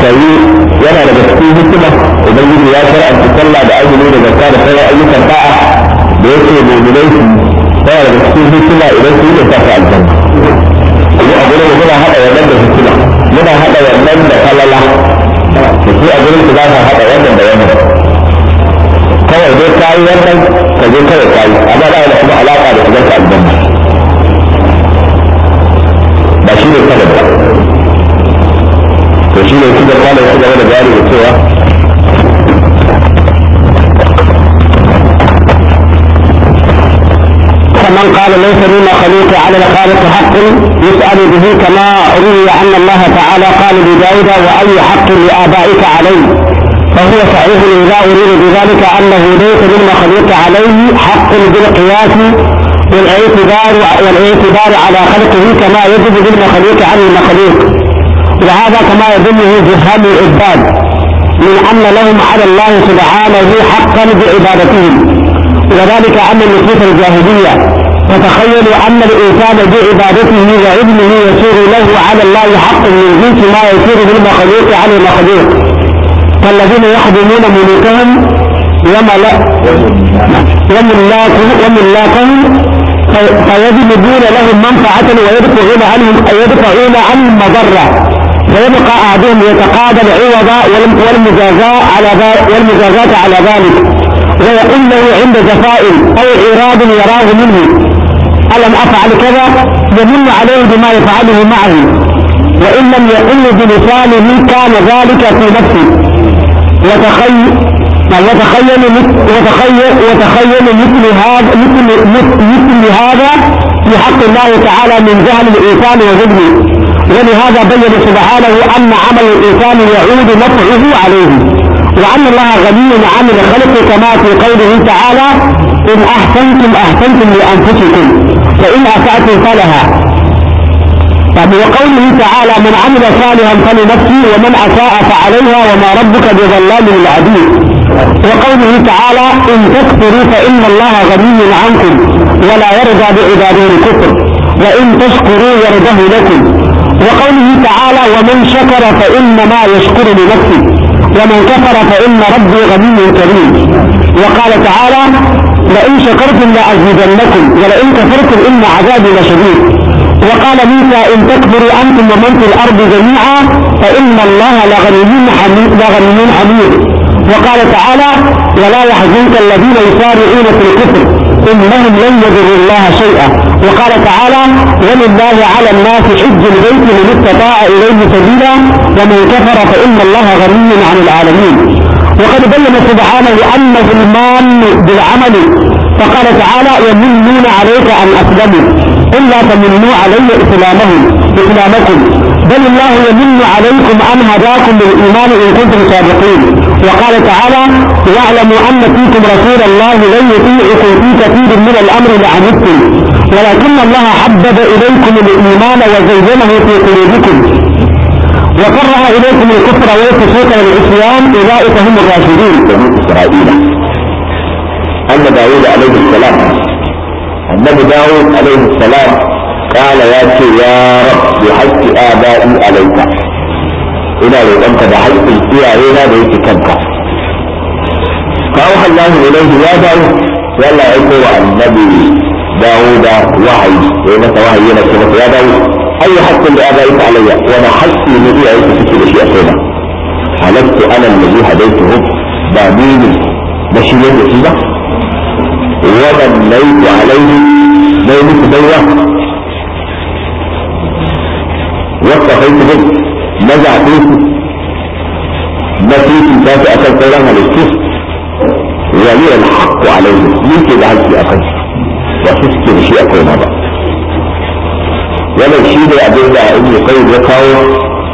sai yana daga cikin hukuma ubangiji ya shar'anta sallah da azumi da zakka da sauran ayyukan ba'a da yake mu'minai su tana da cikin hikima idan su yi da sa aljanna kuma a gurin muna haɗa wannan da hikima yana haɗa wannan da falala da su a gurin su za ka haɗa wannan da wannan kawai dai kayi wannan ka je kawai kayi amma ba da kuma alaƙa da shigar ka aljanna ba shi ne kada ba to shi ne shi da kwanan shi gaba da bayani da cewa من قال ليس دون خليق على الخالق حق يسأل به كما روي أن الله تعالى قال لداود وأي حق لآبائك عليه فهو صحيح لا أريد بذلك أنه ليس للمخلوق عليه حق بالقياس والاعتبار والاعتبار على خلقه كما يجب للمخلوق عن المخلوق وهذا كما يظنه جهال العباد من أن لهم على الله سبحانه حقا بعبادتهم وذلك أمر النصوص الجاهلية وتخيلوا أن الإنسان بعبادته وعلمه يسير له على الله حق من جنس ما يسير بالمخلوق على المخلوق فالذين يخدمون ملوكهم وملاكهم فيجلبون لهم منفعة ويدفعون عنهم يدفعون عن مضرة ويبقى أحدهم يتقاضى العوض والمجازاة على والمجازاة على ذلك ويقول له عند جفاء أو إيراد يراه منه ألم أفعل كذا يدل عليه بما يفعله معه وإن لم يقل بلسانه كان ذلك في نفسه وتخيل وتخيل وتخيل وتخيل مثل هذا مثل مثل هذا في حق الله تعالى من جهل الإنسان وجبنه ولهذا بين سبحانه أن عمل الإنسان يعود نفعه عليه وأن الله غني عن الخلق كما في قوله تعالى إن أحسنتم أحسنتم لأنفسكم فإن أسأت فلها طب وقوله تعالى من عمل صالحا فلنفسي ومن أساء فعليها وما ربك بظلام العبيد وقوله تعالى إن تكفروا فإن الله غني عنكم ولا يرضى بعباده الكفر وإن تشكروا يرضه لكم وقوله تعالى ومن شكر فإنما يشكر لنفسه ومن كفر فإن ربي غني كريم وقال تعالى لئن شكرتم لأزيدنكم ولئن كفرتم إن عذابي لشديد وقال موسى إن تكبروا أنتم ومن في الأرض جميعا فإن الله لغني حميد, لغني حميد وقال تعالى ولا يحزنك الذين يسارعون في الكفر إنهم لن يضروا الله شيئا وقال تعالى ولله على الناس حج البيت من استطاع إليه سبيلا ومن كفر فإن الله غني عن العالمين وقد بين سبحانه أنه المان بالعمل فقال تعالى يمنون عليك أن أسلموا إلا تمنوا علي إسلامهم إسلامكم بل الله يمن عليكم أن هداكم للإيمان إن كنتم صادقين وقال تعالى واعلموا أن فيكم رسول الله لن يطيعكم في كثير من الأمر لعنتم ولكن الله حبب إليكم الإيمان وزينه في قلوبكم وقرا اليكم الكفر والفسوق والعصيان اولئك هم الراشدون بنو اسرائيل اما داود عليه السلام النبي داود عليه السلام قال يا يا رب بحق ابائي عليك ina roƙonta da haƙƙin iyaye na da yake kanka kawo hallahu ilaihi ya dawo ya Allah ya aiko wa annabi dawo da wahayi ya yi masa wahayi yana ce masa ya dawo اي حق لابائك علي وانا حسي الذي عيت في كل شيء اخيرا حلفت انا الذي هديته بامين ماشي ليه يد فيه الليل عليه بينك وقت خيط بيت نزع فيه ما نسيت كافي اكل طيران الاستيس ولي الحق عليه ليه كده عايز اكل وحسيت بشيء اكل ما بقى wannan shi ne abin da ibn qayyim ya kawo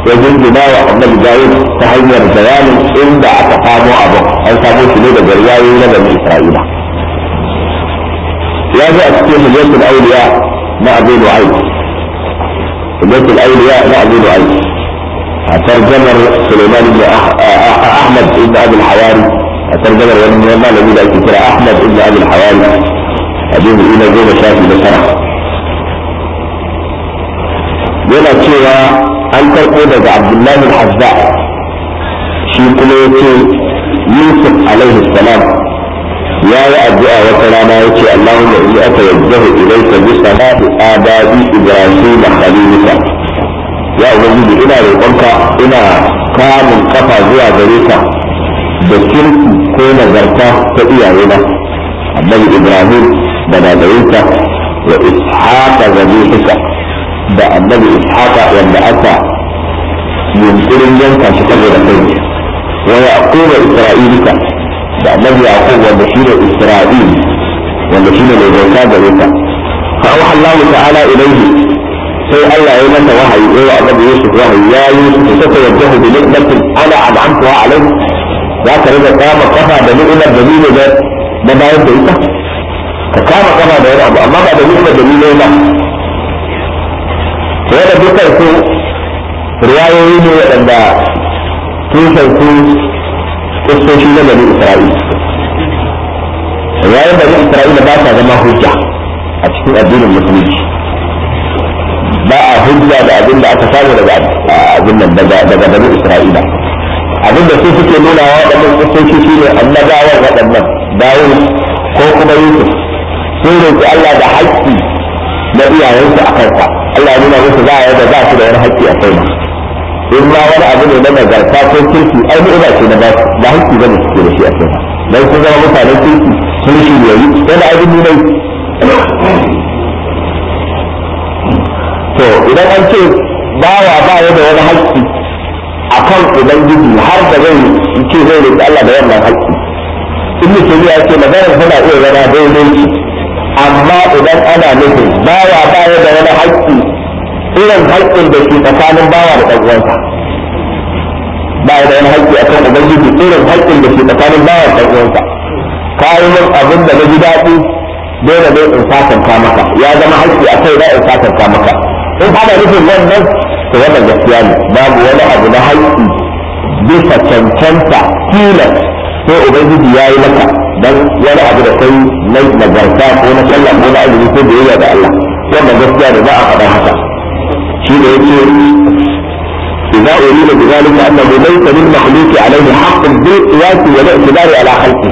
ya jinjina wa annabi dawud ta hanyar bayanin inda aka samo abin an samo shi ne daga riwayoyi na bani isra'ila ya zo a cikin mujallar auliya na abu nu'aym mujallar auliya na abu nu'aym a tarjamar suleiman ibn ahmad ibn abul hawari a tarjamar wani malami da ake kira ahmad ibn abul hawari a jirgin ina goma shafi da sana'a yana cewa an karɓo daga abdullahi hazza shi kuma ya ce yusuf alaihi salam ya yi addu'a wata rana ya ce allahumma inni atawajjahu ilayka bi salati adabi ibrahim khalilika ya ubangiji ina roƙonka ina kamun kafa zuwa gare ka da kirki ko nazarta ta iyayena annabi ibrahim da nazarta wa ishaqa zabihuka da annabi ishaqa wanda aka yunkurin yanka shi da kai wa yaquba isra'ilika da annabi yaqub wanda shi ne isra'il wanda shi ne mai bauta da wuta fa auha Allah ta'ala ilayhi sai Allah ya masa wahayi ya wa annabi Yusuf wahayi ya yi ta tawajjahu bi nikmatin al'amtu wa alayhi za ka riga kama kafa da ni'imar da ne da bayar da ita ka kama kafa da wani abu amma ba da ni'imar da ni'imar ba wanda dukkan su riwayoyi ne waɗanda tushen su kistoshi na bani isra'ila riwayoyin bani isra'ila ba sa zama hujja a cikin addinin musulunci ba a hujja da abin da aka samu daga abin nan daga bani isra'ila abin da su suke nuna wa waɗannan kistoshi shi ne annabawan waɗannan dawo ko kuma yusuf sun roƙi allah da haƙƙi da iyayensa a kansa Allah ya nuna musu za a yadda za su da wani haƙƙi a kai in ma wani abu ne na nagarta ko kirki ai ni'ima ce na ba ba haƙƙi bane suke da shi a kai dan sun zama mutanen kirki sun shiryayi yana abin nuna to idan an ce bawa ba ya da wani haƙƙi a kan ubangiji har da zai ce zai roƙi Allah da wannan haƙƙi in mutum ya ce magana tana iya zama daidai amma idan ana nufin bawa baya da wani haƙƙi irin haƙƙin da ke tsakanin bawa da ɗan'uwansa baya da wani haƙƙi a kan ubangiji irin haƙƙin da ke tsakanin bawa da ɗan'uwansa kayi min abin da na ji daɗi dole ne in sasanta maka ya zama haƙƙi a kai da in sasanta maka in ana nufin wannan to wannan gaskiya ne babu wani abu na haƙƙi bisa cancanta tilas sai ubangiji ya yi maka dan wani abu da kai na nagarta ko na sallah ko na azumi ko da yawa da Allah wannan gaskiya da za a faɗa haka shi da yake إذا أريد بذلك أنه ليس للمخلوق عليه حق بالقياس والاعتبار على خلقه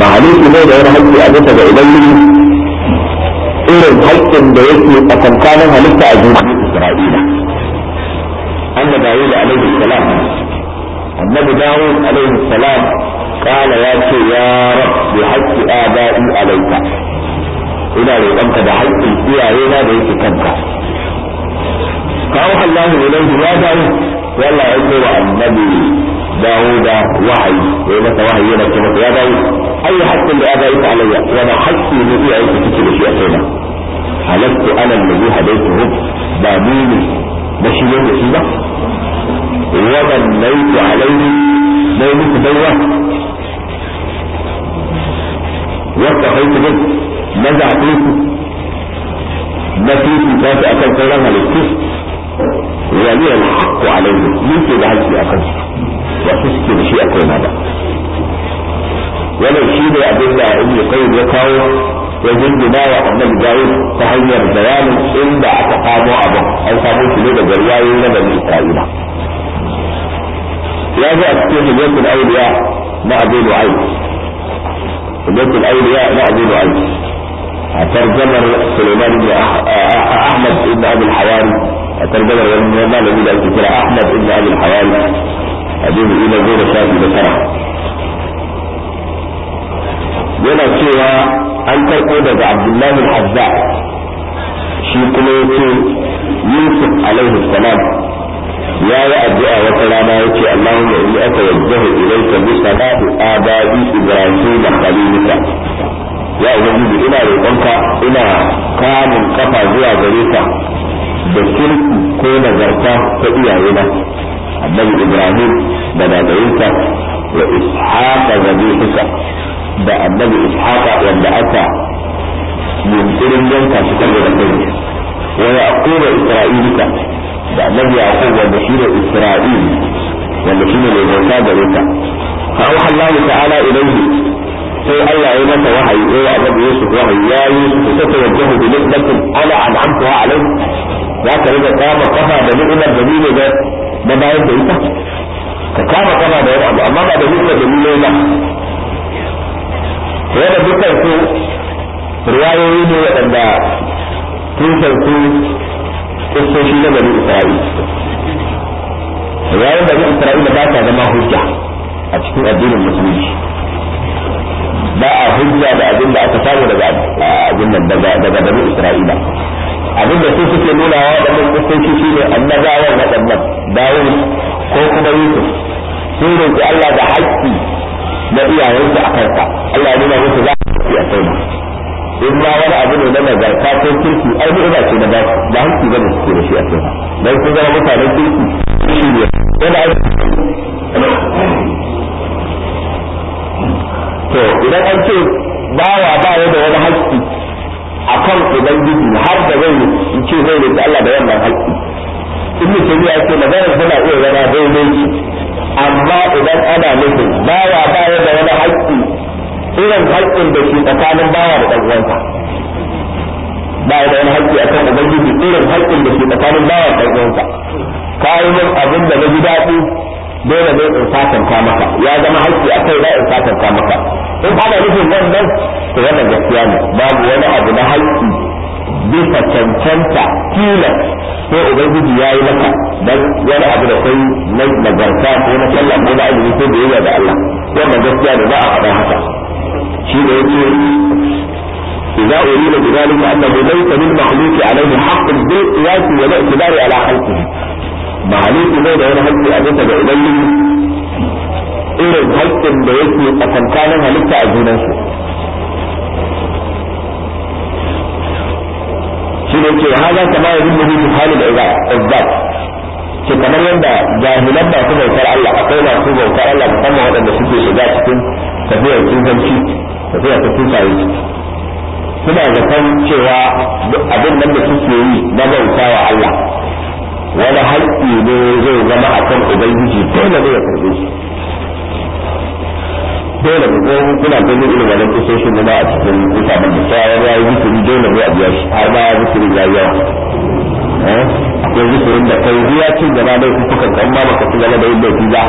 معلوم ne da wani haƙƙi a bisa ga ubangiji irin haƙƙin da yake a kankanin halitta a juna isra'ila annabi dawud alaihi salam annabi dawud alaihi salam qala ya ce ya rab bi haqqi aba'i alayka ina roƙonka da haƙƙin iyaye na da yake kanka fa auha Allah ilayhi ya dawo ya Allah ya ce wa annabi داود وحي وإنك وحي ينك كما يا داود أي حق لأبائك علي وما حقي لي أن تكتب شيء أخينا حلفت أنا الذي هديته بابيني ماشي يوم السيدة وظنيت عليه نومك دوة wanda kai ku din na zaɓe ku na fifi ta su akan sauran halittu wani yana haƙƙo alaihi mun ke da haƙƙi akan su ba su suke da shi akwai na ba wannan shi ne abin da ibnu qayyim ya kawo ya gina wa annabi dawud ta hanyar bayanin inda aka kamo abin an samu shi ne daga riwayoyi na bani isra'ila ya zo a cikin hujjatul awliya na abin lu'ay بيت الاولياء معبود عيسى اترجم سليمان بن احمد بن ابي الحواري اترجم سليمان بن ابي الحواري احمد بن ابي الحواري اجيب الى زور الشافعي بكره يلا سوى ان تركوا عبد الله بن حذاء شيخ يوسف عليه السلام ya yi addu'a wata rana ya ce Allahumma inni atawajjahu ilayka bi salati aba'i ibrahim khalilika ya ubangiji ina roƙonka ina kamun kafa zuwa gare ka da kirki ko nazarta ta iyaye iyayena annabi ibrahim da dadayinsa wa ishaqa zabihika da annabi ishaqa wanda aka yunkurin yanka shi da kai wa yaquba isra'ilika da annabi yaqub wanda shine isra'il wanda shine da bauta gare ta fa auha Allah ta'ala ilayhi sai Allah ya masa wahayi ya annabi Yusuf wahayi ya yi Yusuf ta tawajjahu bi nisbatin ala an'amtu alayhi za ka riga kama kafa da ni'imar da ni ne da bayan da ita ka kama kafa da wani abu amma ba da ni'imar da ni ne ba wanda dukkan su riwayoyi ne waɗanda tushen su kissoshi na bani isra'ila yi bani isra'ila ba ta zama hujja a cikin addinin musulunci ba a hujja da abin da aka samu daga abin nan daga bani isra'ila abin da su suke nuna wa waɗannan kissoshi shine annabawan waɗannan dawud ko kuma yusuf sun roƙi Allah da haƙƙi na iyayensu a kansa Allah ya nuna musu za a a kai in ya wani abu ne na nazarta ko kirki ai ina ce na ba ba hanki bane suke da shi a kai dan kun zama mutanen kirki shi ne yana to idan an ce bawa ba ya da wani haƙƙi a kan ubangiji har da zai ce zai roƙi Allah da wannan haƙƙi ibnu tabiya ya ce maganar tana iya zama daidai amma idan ana nufin bawa ba ya da wani haƙƙi irin haƙƙin da ke tsakanin bawa da ɗan'uwansa ba da wani haƙƙi kan ubangiji irin haƙƙin da ke tsakanin bawa da ɗan'uwansa kayan abin da na ji daɗi dole ne in satanta maka ya zama haƙƙi a kai da in satanta maka in ana nufin wannan to wannan gaskiya ne babu wani abu na haƙƙi bisa cancanta tilas ko ubangiji ya yi maka dan wani abu da kai na nagarta ko na sallah ko na azumi ko biyayya da Allah wannan gaskiya ne ba a haɗa haka shi da yake a أريد بذلك أنه ليس للمخلوق عليه حق بالقياس والاعتبار على zai da wani ده a هل أبيت بإليه irin haƙƙin da yake a kankanin halitta a junansu shi ne ke haza kama ya zunmu bi halin izzat ke kamar yadda jahilan masu bautar Allah akwai masu bautar Allah musamman waɗanda suke shiga cikin tafiyar tsinanci tafiya ta yi suna zaton cewa abin nan da suke yi na bauta wa Allah wani haƙƙi ne zai zama a kan ubangiji dole ne ya karbe shi dole ne ko kuna ganin irin wannan kisoshin na a cikin mutanen da sai ya yi zikiri dole ne a biya shi har ma zikirin ya yawa eh, akwai zikirin da kai biya cin gaba da kuka kan ma baka ci gaba da yin laifi ba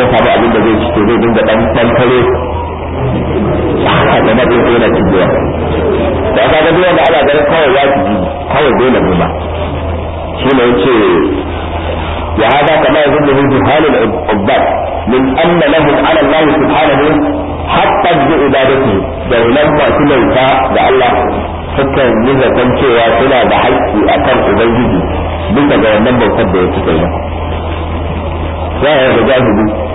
ya samu abin da zai ci to zai dinga dan tantare haka na ɗin cikin da aka ga duwanda kawai ya ci kawai dole ne ba shi ne yace ya hada kama yanzu da hin halin ubbad min anna lahum ala allah subhanahu hatta bi ibadati da nan ba su lauta da allah sukan yi zaton cewa suna da haƙƙi akan ubangiji duka ga wannan bautar da ya suka yi ya yarda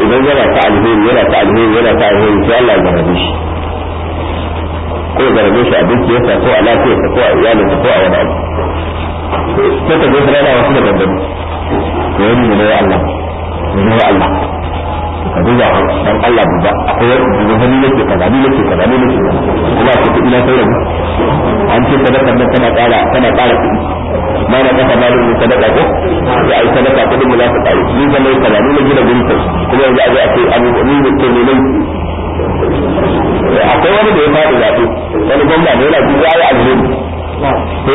idan yana ta alheri yana ta alheri yana ta alheri sai Allah ya garabe shi ko garabe shi a dukiyarsa ko a lafiyarsa ko a iyalinsa ko a wani abu sai ka je rana wasu da dandano ko yanzu ne ya Allah ne ya Allah ka duba dan Allah duba akwai wani da hali yake kaza ni yake kaza ni yake kaza kuma ka kudi na sai an ce sadakar nan tana kara tana kara kudi ma na kasa malin mu sadaka ko ya ai sadaka kudin mu za su ni zan yi kaza ni na gunta kuma yanzu a zo a ce an ni ne ne akwai wani da ya faɗi zaɓe wani gwamna da yana ya yi sai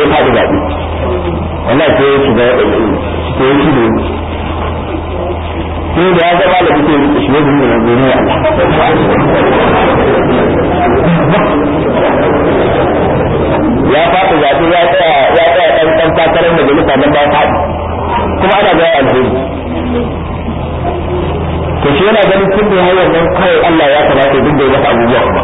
ya faɗi zaɓe wannan sai ya shiga eh, eh, sai ya shiga sai da ya da muke shiga da muke ne ya faɗi zaɓe ya ta ya ɗan ɗan takarar majalisa don ba faɗi kuma ana ga alheri to shi yana ganin tun da hanyar nan kawai Allah ya kamata duk da ya masa abubuwa kuma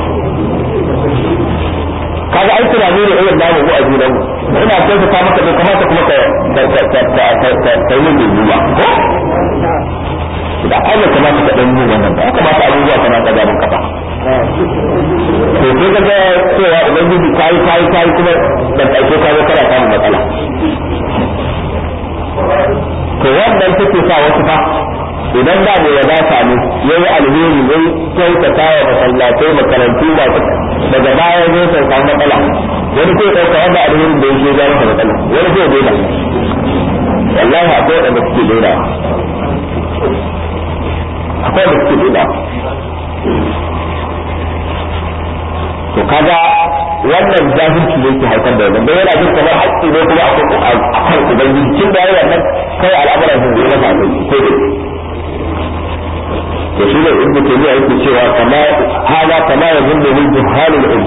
kaga ai tunani ne irin namu ko a junanmu ina son ka maka bai kamata kuma ka ka yi mai zuwa ko da Allah kamata ka dan yi wannan ba kamata abubuwa kana ka gaban kafa to sai ka ga cewa ubangiji kai kai kai kuma da ƙarshe ka zo kana samun matsala to wannan take sa wasu fa idan da mai ya dafa ne yayi alheri yayi kyautata wa masallatai makarantu ba daga baya zai sai samu matsala wani sai ɗauka wanda alherin da yake gano ka matsala wani sai daina wallahi akwai wanda suke daina akwai wanda suke daina to kaga wannan jahilci ne ke haifar da wannan yana jin kamar haƙƙi ne kuma akwai akan ubangiji tun da yayi wannan kai al'amuran sun zai masa abin ko da to shi ne ibnu taymiya yake cewa kama hala kama yazunnu min juhal al-ibad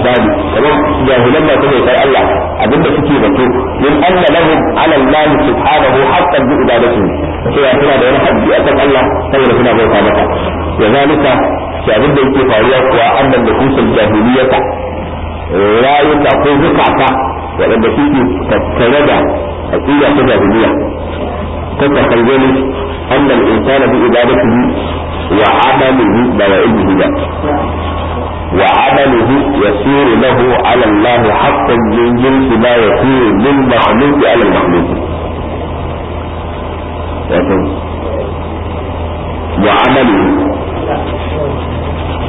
kamar jahilan ma kuma sai Allah abinda suke bato min anna lahum ala Allah subhanahu haqqan bi ibadatihi cewa suna da wani haƙƙi akan Allah saboda suna bauta maka, ya zalika shi abinda yake faruwa kuwa annan da nufusul jahiliyata rayuka ko zukata waɗanda suke tattare da aƙida ta jahiliya ta tafayyali annal insana bi ibadatihi wa amalihi da wa ilmihi ba وعمله يسير له على الله حقا من جنس ما يسير من محمود على المحمود وعمله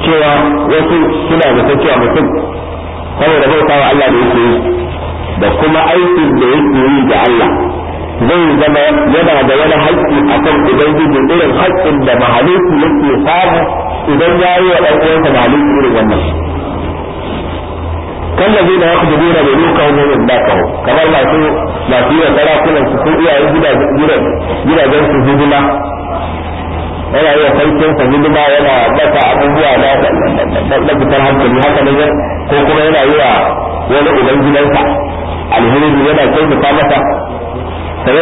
cewa wasu suna da cewa mutum saboda bauta wa Allah da yake yi da kuma aikin da yake yi da Allah zai zama yana da wani haƙƙi a kan ubangiji irin haƙƙin da mahalicci yake samu idan ya yi wa ɗan'uwansa uwansa irin wannan kallabi da wasu dubu da bai wani yin kawo kamar masu masu yi wa sarakunan su ko iyayen gidajen su hidima yana iya sarkin sa hidima yana dasa abubuwa na na hankali haka ne ko kuma yana yi wa wani uban gidansa alheri yana kyautata masa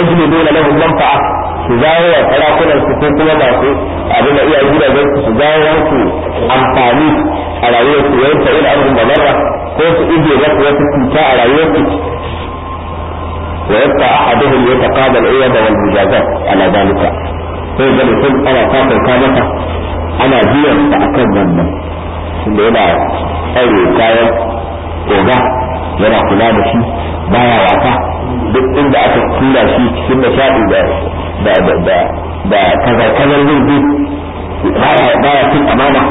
jini dole lahum fa'a su zawo wa sarakunan su ko kuma masu abin da iya zai su zawo su amfani a rayuwar su yayin sa ila arhum balarra ko su ije masa wata cuta a rayuwar su wa yabqa ahaduhum yataqabal iyada wal mujazat ala dhalika ko ga mutum ana safarta masa ana biyan sa akan wannan tunda yana tsare kayan koga yana kula da shi baya wasa duk inda aka tura shi cikin nishaɗi da da da da da kazar-kazar zurfi baya baya cin amana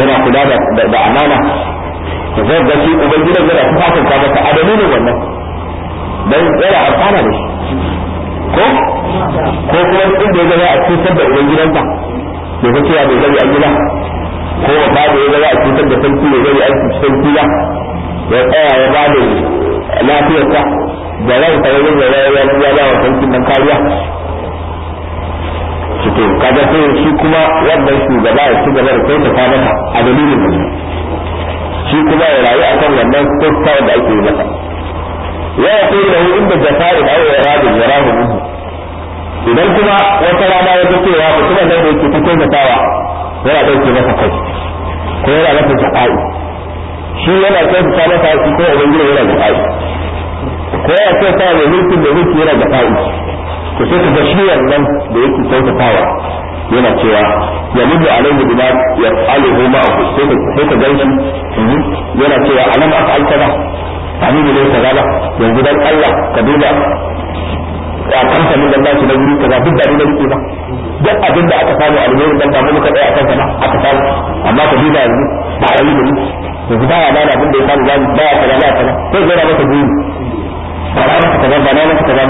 yana kula da da amana ka zai ga shi ubangidan yana safarta masa adami ne wannan dan yana amfana da shi ko ko kuma inda ya zama a cutar da uban gidansa bai san cewa bai gari a gida ko wa ba da ya zama a cutar da sarki bai gari a sarki ba ya tsaya ya ba da ta da ran sa wajen da ya ya ba wa sarki nan kariya shi to kaga sai shi kuma wannan shugaba ya ci gaba da kyautata masa a dalilin wannan shi kuma ya rayu akan wannan kuskar da ake yi masa wa yaqulu lahu inda jafarin aw iradin yarahu minhu idan kuma wata rana ya cewa mutumin nan da yake ta taimakawa yana dauke masa kai ko yana masa jafa'i shi yana masa shi ko ubangiji yana jafa'i ko ya ce ta ne mulkin da mulki yana jafa'i to sai ka ga shi wannan da yake kyautatawa yana cewa ya mudu alaihi bima ya aluhu ma'ahu sai ka sai ka mhm, yana cewa alam af'al kaza aminu ne kaza ba yanzu dan Allah ka duba a kamfanin da ba su na wuri kaza duk da ne suke ba duk abin da aka samu alheri dan ba ka tsaya a kansa ba aka samu amma ka duba yanzu ba a yi da yanzu ba ya ba da abin da ya samu ba ya kaza ba ya kaza sai zai ra masa ba ra masa ba na masa kaza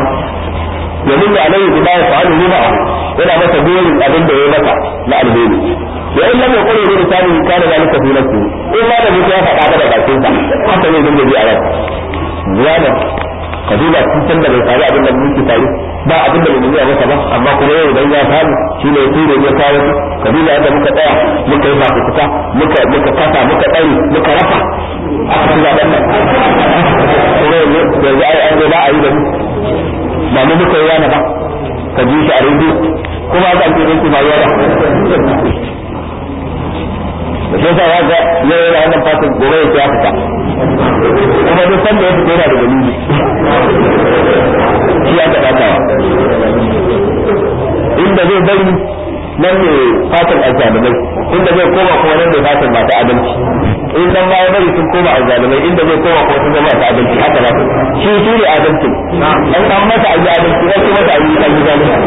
ya nuna alayhi bima yaf'alu ma'ahu yana masa gurin abin da ya masa na alheri wa in lam yaqul bi lisanihi kana zalika fi nafsi in ma da mutum ya faɗa da bakin sa haka zai dinga ji a ran ziyada kabila sun san da bai faru abin da muke faru ba abin da bai nuna masa ba amma kuma yau idan ya faru shi ne su ne ya kawo su kabila yadda muka tsaya muka yi fafutuka muka muka kasa muka tsari muka rafa aka ci zaben nan kuma yanzu yanzu ai an zo ba a yi da mu ba mu muka yana ba ka ji shi a rediyo kuma aka ce ne kuma yana sai sa ya ga yau yana wannan fatin gobe ya ya fita kuma duk sanda ya fita yana da dalili shi aka ta inda zai bari nan ne fatan azzalumai inda zai koma kuma nan ne fatan ba ta adalci in dan baya bari sun koma azzalumai inda zai koma kuma sun zama ta adalci haka ba shi shi ne adalci an samu mata ayi adalci an kuma ta ayi ayi zalunci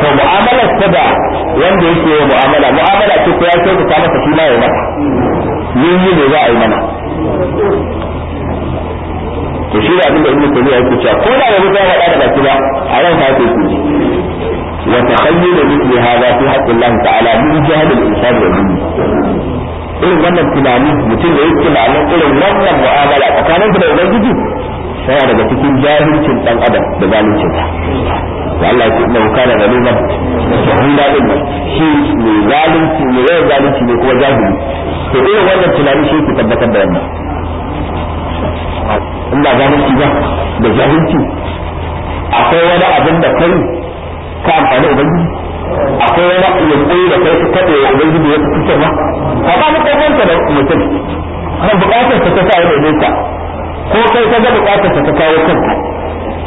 to mu'amalar ta da wanda yake yi mu'amala mu'amala ce ko ya kyautata masa shi ma ya mata yin yi ne za a yi mana to shi da abinda ibnu tabiya yake cewa ko da yanzu ya faɗa da baki ba a ran ta yake ji وتخيل مثل هذا في حق الله تعالى من جهل الإنسان وجنه irin wannan tunani mutum da yake tunanin irin wannan mu'amala tsakanin da ubangiji yana daga cikin jahilcin dan adam da zalincin sa da Allah ya inna kana zalima jahila din shi ne zalunci ne yau zalunci ne kuma jahili to irin wannan tunani shi ke tabbatar da wannan inda zalunci ba da jahilci akwai wani abin da kai ka amfani ubangiji akwai wani yankuri da kai su kaɗe ubangiji ya fi cutarwa ka ba mu ƙarfinka da mutum har buƙatar ta sa ya ɗauke ka ko kai ka ga buƙatar ta kawo kanka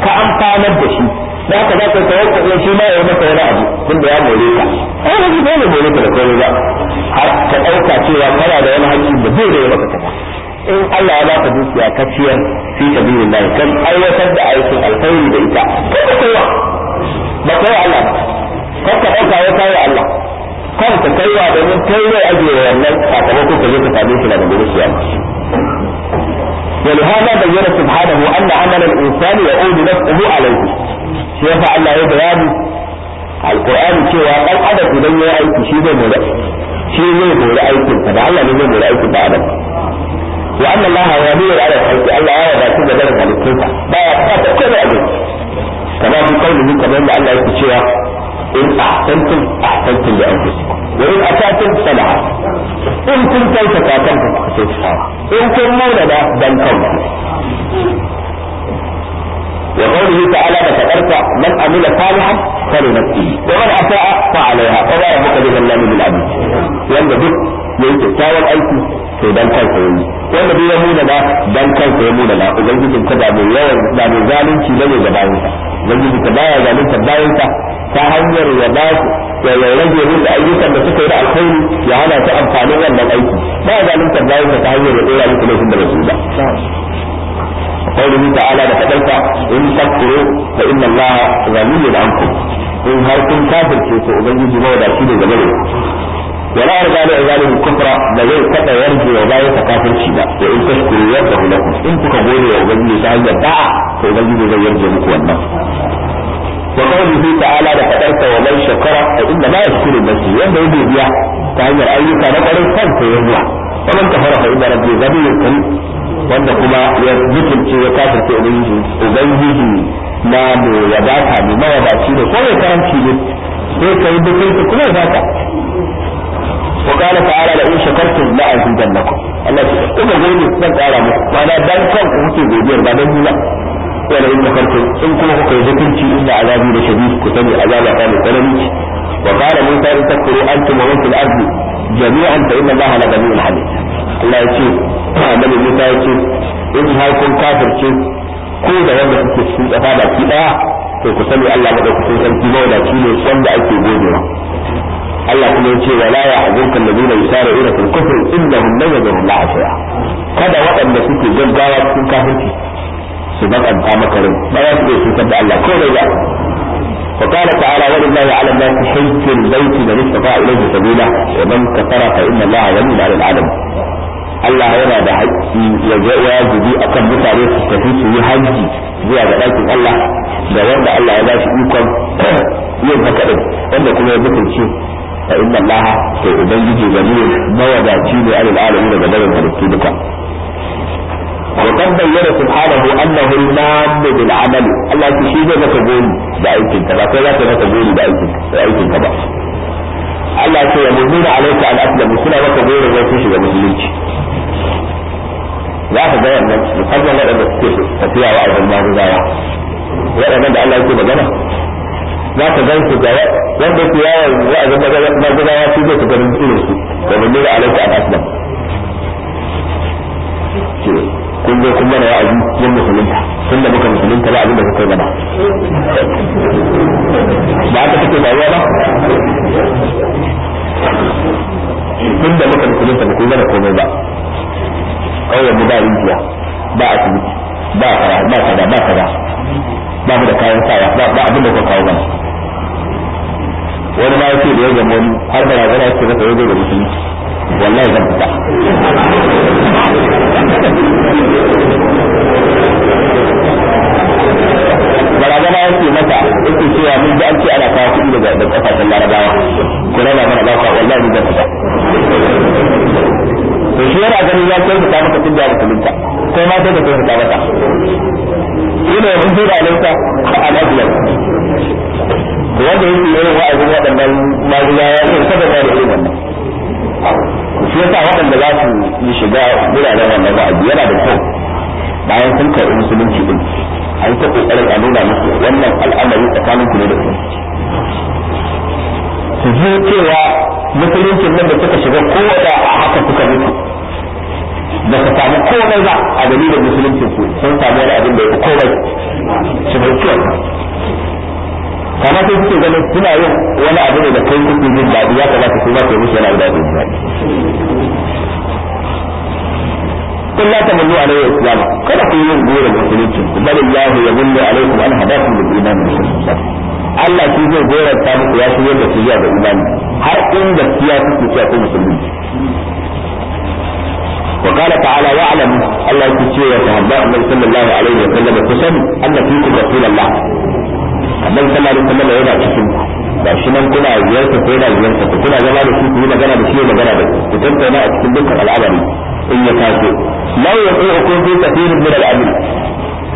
ka amfanar da shi da haka za ta kawo ka shi ma ya maka wani abu tun da ya more ka ai ba shi ne more ka da komai ba har ka ɗauka cewa kana da wani hakki da bai da ya maka kaza in Allah ya baka dukiya ka ciyar fi sabilillah kan aiwatar da aikin alkhairi da ita kada kowa ba kai Allah ba kar ka ɗauka ya kai Allah kanka kaiwa domin kai zai ajiye wannan sakamako ka zo ka same shi daga gurin kiyama ولهذا بين سبحانه أن عمل الإنسان يعود نفسه عليه شيخ الله يبيان القرآن cewa ɗan adam idan ya aiki shi zai mura shi zai mura aikin da Allah ne zai mura aikin da adam wa anna Allah ya nuna ala aiki Allah ya wadatu da daga halittunsa ba ya fata kada abinci kama fi kaulihi kamar da Allah yake cewa in ahsantum ahsantum li anfusikum wa in asatum salaha in kun kauta ka kanku ku kyautata in kun maulada dan kanku وقوله تعالى فترك من عمل صالحا فلنفسه ومن اساء فعليها وما ربك بظلام للعبيد Yanda duk yayi kyakkyawan aiki to dan kanku yayi wanda duk ya muna da dan kanku ya muna da ubangijin ka da mai yawan da mai zalunci ne ga bayansa wajen da baya zalin ta bayan ta ta hanyar ya ba su da ayyukan da suka yi da alkhairi ya hana ta amfanin wannan aiki ba zalin ta bayan ta hanyar ya dora miki laifin da ba su ba qawluhu ta'ala da kadaita in takfuru fa inna allaha da ankum in har kun kafirce to ubangiji ba da shi ne game da ولا أرجع لعباده الكفرة بذل كفى يرجع وباية تكافر شبا وإن تشكروا يرجع لكم إن تكبروا وبجي سعيدا باع فبجي أن يرجع لكم النفس وقوله تعالى لفترت ومن شكر فإن لا يشكر المسيح يبدو بيبيع فهي الأيوة نقل الفرق يرجع ومن كفر فإن ربي غني كريم wanda kuma ya mutunce ya kafirce ubangiji ubangiji na mai wadata mai mawadaci ne ko mai karanci ne sai ka yi dukkan kuma ya wa qala ta'ala la in shakartum la azidannakum Allah ya ce kuma gode zan kara muku mana dan kanku kuke godiyar ba dan ba wala in shakartum in kuma kuka yi hukunci inda azabi da shadid ku sani azaba ta mai tsanani wa qala musa in takfuru antum wa man fil ardi jami'an fa inna Allah la ghaniyyun Allah ya ce annabi Musa ya ce in har kun kafirce ko da wanda kuke cikin kafa baki daya to ku sani Allah madaukakin sarki mawadaci ne wanda ake godewa Allah kuma yace wala ya'zunka alladhina yusari'una fil kufr innahum la yadurru Allah shay'a kada waɗanda suke gaggawa cikin kafirci su bakanta maka rai ba za su iya cutar da Allah ko dai ba وقال تعالى ولله على الناس حج البيت من استطاع اليه سبيلا ومن كفر فان الله غني على العالم Allah yana da haƙƙi ya ga wajibi akan mutane su tafi su yi hajji zuwa ga ɗakin Allah da wanda Allah ya ba shi ikon yin haka wanda kuma ya mutunce fa inna allaha to ubangiji gani mawadaci ne alil alamin daga barin halittu duka وقد بين سبحانه انه المام بالعمل الله شيء ده تقول بأيك انت da aikin كلا تقول بأيك بأيك انت بقى الله شيء يمنون عليك ان suna سنة وتقول غير شيء ده musulunci. za ka ga wannan musamman waɗanda suke tafiya wa abin magudawa waɗannan da Allah yake magana za ka gan su ga wanda ke a ga magudawa su zai su ganin irin su da mun nuna alaika a aslam kun zo kun mana wa'azi yin musulunta tun da muka musulunta ba abin da kuka yi ba aka take rayuwa ba tun da muka musulunta ba ku mana komai ba kawai mu ba rijiya ba asibiti ba kada ba kada ba ba mu da kayan sawa ba abin da kuka kawo mana wani ma yace da ya zama wani har da razana ce masa ya da musulunci wallahi zan fita barazana yake mata yake cewa mun ji an ce ana kawo kuɗi daga da kafafan larabawa ko na mana ba ka wallahi zan fita to shi yana ganin ya kai fita maka tunda ya musulunta kai ma sai ka kai fita maka yana yanzu da alaika a alaƙiyar da wanda yake yin wa'azin waɗannan maguna ya ce kada ba da irin wannan shi yasa waɗanda za su yi shiga wuraren wannan wa'azi yana da kyau bayan sun karɓi musulunci din an ta kokarin a nuna musu wannan al'amari tsakanin ku ne da ku su ji cewa musuluncin nan da suka shiga kowace a haka suka mutu ba ka samu komai ba a dalilin musuluncin ku sun samu wani abin da ya fi komai su mai kyau kamar sai suke ganin suna yin wani abu ne da kai kuke jin daɗi ya kamata su ma su musu yana daɗi. daɗi قل لا تمنوا علي islam kada ku yi musulunci غير المسلمين بل الله يمن عليكم ان هداكم للايمان Allah shi zai ta muku ya shi yadda ku da iman har in gaskiya kuke cewa ku musulunci. wa qala ta'ala ya'lamu Allah yake cewa sahabbai Annabi sallallahu alaihi wa sallam ku sani anna rasulullah annabi da kuma da yana cikin ba shi nan kuna ziyarta ko yana ziyarta ku kuna zama da shi ku yi magana da shi ya magana da ku tattauna a cikin dukkan al'amari in ya taso la yaqukum fi kathirin min al-amr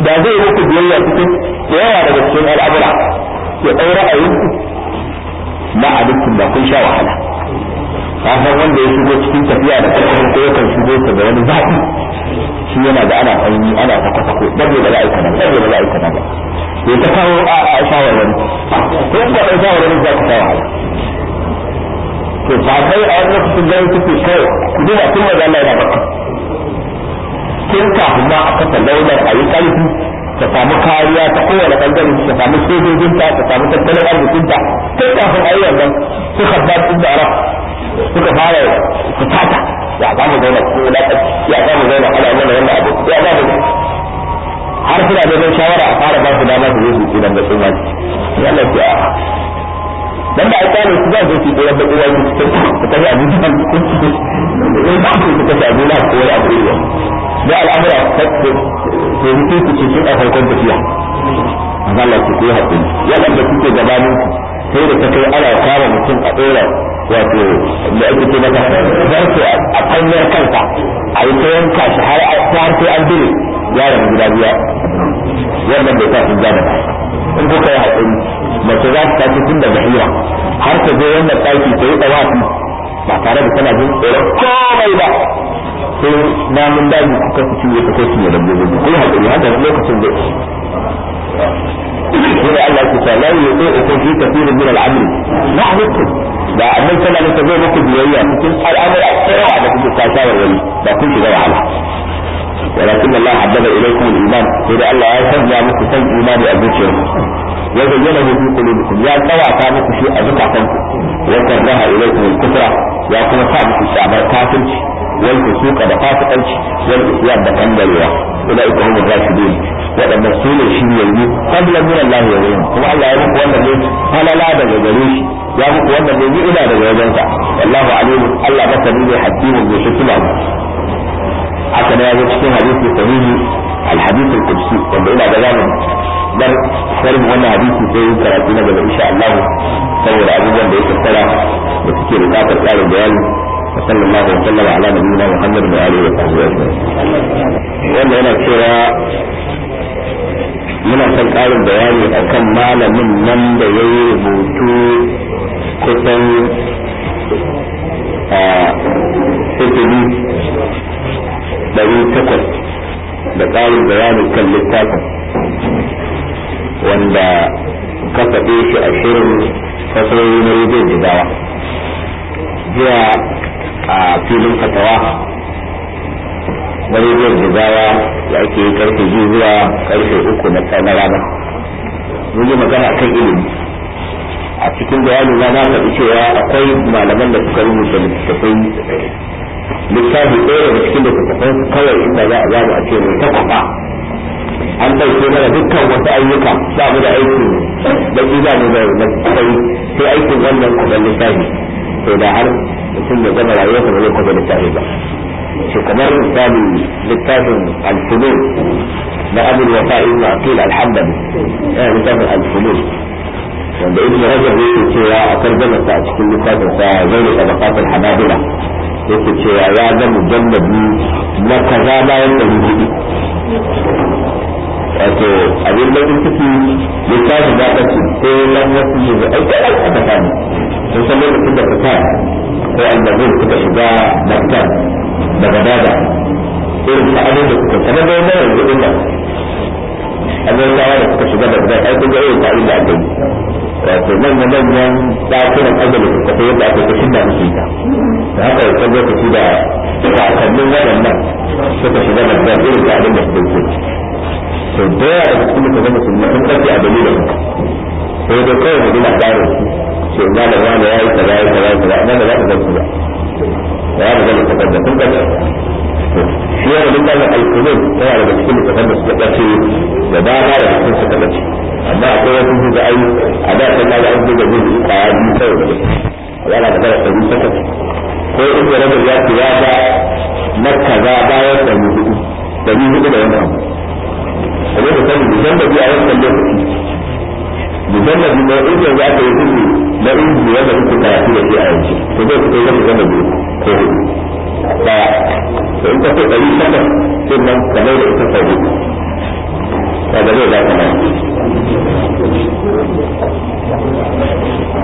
da zai muku biyayya cikin yawa daga cikin al'amura ya daura ayyuku ma abinkum ba kun sha wahala kafin wanda ya shigo cikin tafiya da kafin ko yakan shigo ta da wani zafi shi yana da ana sanyi ana kafa ko dabbe da ra'ayi kaza dabbe da ra'ayi da? ya ta kawo a a shawarwari ko ba a shawarwari za ka kawo to ba kai a wani cikin gari suke kai ku duba tun da Allah yana baka kin kafin ma aka ta launar a yi karfi ta samu kariya ta kowane bangare ta samu sojojinta ta samu tattalin arzikinta ta kafin a yi wannan su habbar da arab suka fara fitata ya za mu zauna cikin wulaƙar ya za mu zauna ana mana wannan abu ya za mu har suna neman shawara a fara ba su dama su zai su da su wani yana ce a dan da aka ne su za su tsiran baƙin wani su tafi a duniya ne ba su su tafi a ko wani abu ne da al'amura ta rufe su ce sun a farkon tafiya Allah su ku yi haƙuri da kuke gabanin sai da ta kai ana kama mutum a ɗora wato da ake ce maka zarto a kanyar kansa a yi ta yanka shi har sai an dire yaron gida biya wannan bai sa sun ja in kuka yi haƙuri mace za ta tashi tun da zahira har ta zo wannan ɗaki ta yi tsawafi ba tare da tana jin tsoron komai ba sai namun daji kuka su ciye ta kai su ne da gobe ko haƙuri haka lokacin da هنا قال لك لا يطيق في كثير من العمل لا da لا sallallahu سنة لتجوه مكتب ليا الامر اكثر kowa كل kuke kasawar wani كنت kun على ولكن الله عبد اليكم الايمان فاذا الله يسمى يا مكتب ايمان يا وزينه في قلوبكم يا طوع كانت في ابوكم وكره اليكم الكفرة يا كما صابت الشعب الكافر والفسوق بفاسقك والاسلام بكندلوا اولئك هم الراشدين waɗanda su ne shiryayyu fadlan min Allah ya rahim kuma Allah ya muku wannan ne halala daga gare shi ya muku wannan ne ni'ima daga wajensa wallahu alim Allah masani ne hakimin ne hikima haka ne ya zo cikin hadisi sahihi الحديث القدسي وبإلى بيان بل سلم وانا حديثي في كراتينا بل إن شاء الله سوى العزيزا بإيه السلام وتكير ذات القال البيان وصلى الله وسلم على نبينا محمد وآله وصحبه أجمعين wanda yana cewa muna son ƙarin bayani akan malamin nan da ya rubutu kusan a sifili ɗari takwas da ƙarin bayani kan littafin wanda ka faɗe shi a shirin fasahohi na rediyon jigawa jiya a filin fatawa wani zai gizawa da ake yi karfe biyu zuwa karfe uku na tsanar rana mun yi magana akan ilimi a cikin bayanin na na faɗi cewa akwai malaman da suka rubuta littattafai littafi ɗaya daga cikin littattafai kawai inda za a zaɓa a ce mai ta kwaɓa an ɗauke mana dukkan wasu ayyuka ba mu da aikin da ƙi za mu da sai aikin wannan kwaɓar littafi sai da har mutum ya gama rayuwarsa ba zai kwaje littafi ba shi kamar misali littafin alfunun na abin wata ibn aqil alhambali yana littafin alfunun wanda ibn rajab yake cewa a tarjamarsa a cikin littafin sa zai da tabaqatul hanabila yake cewa ya ga mujallabi na kaza bayan da hudu wato abin bakin ciki ya tashi zaɓar su ko lan wasu ne da aiki a aka kama sun san lokacin da fita ko annabin suka shiga maktan daga dada irin sa'adun da suka sanar da wani yanzu ɗin nan annabawa da suka shiga daga dada aikin ga irin sa'adun da aka yi wato manyan manyan ɗakunan azali suka yadda aka kashin da musu ita da haka yanzu lokaci da kakannin waɗannan suka shiga daga dada irin sa'adun da suka yi to da yawa daga cikin mutane musulmi sun kace a dalilin sai dai kawai mu gina tsarin ce na da wani ya kaza yayi kaza kaza na da za ka gamsu ba da ya da zama da sun kace shi yana da dukkan alkulun tana daga cikin mutane da suka kace da ba ba da cikin suka kace amma akwai wasu da ai a da ta ga an buga zai kwaya biyu kawai da yana da gara ɗari takwas ko in da rabin ya ce ya ba na kaza bayan ɗari hudu ɗari hudu da wani abu a zai da sani musan da biya lokaci musan da biya in yanzu aka yi kuma na inji wanda kuke karatu da shi a yanzu to zai fito zai musan da biyu ko hudu daya to in ka so ɗari takwas sai nan kamar da ita sau hudu da zai za ka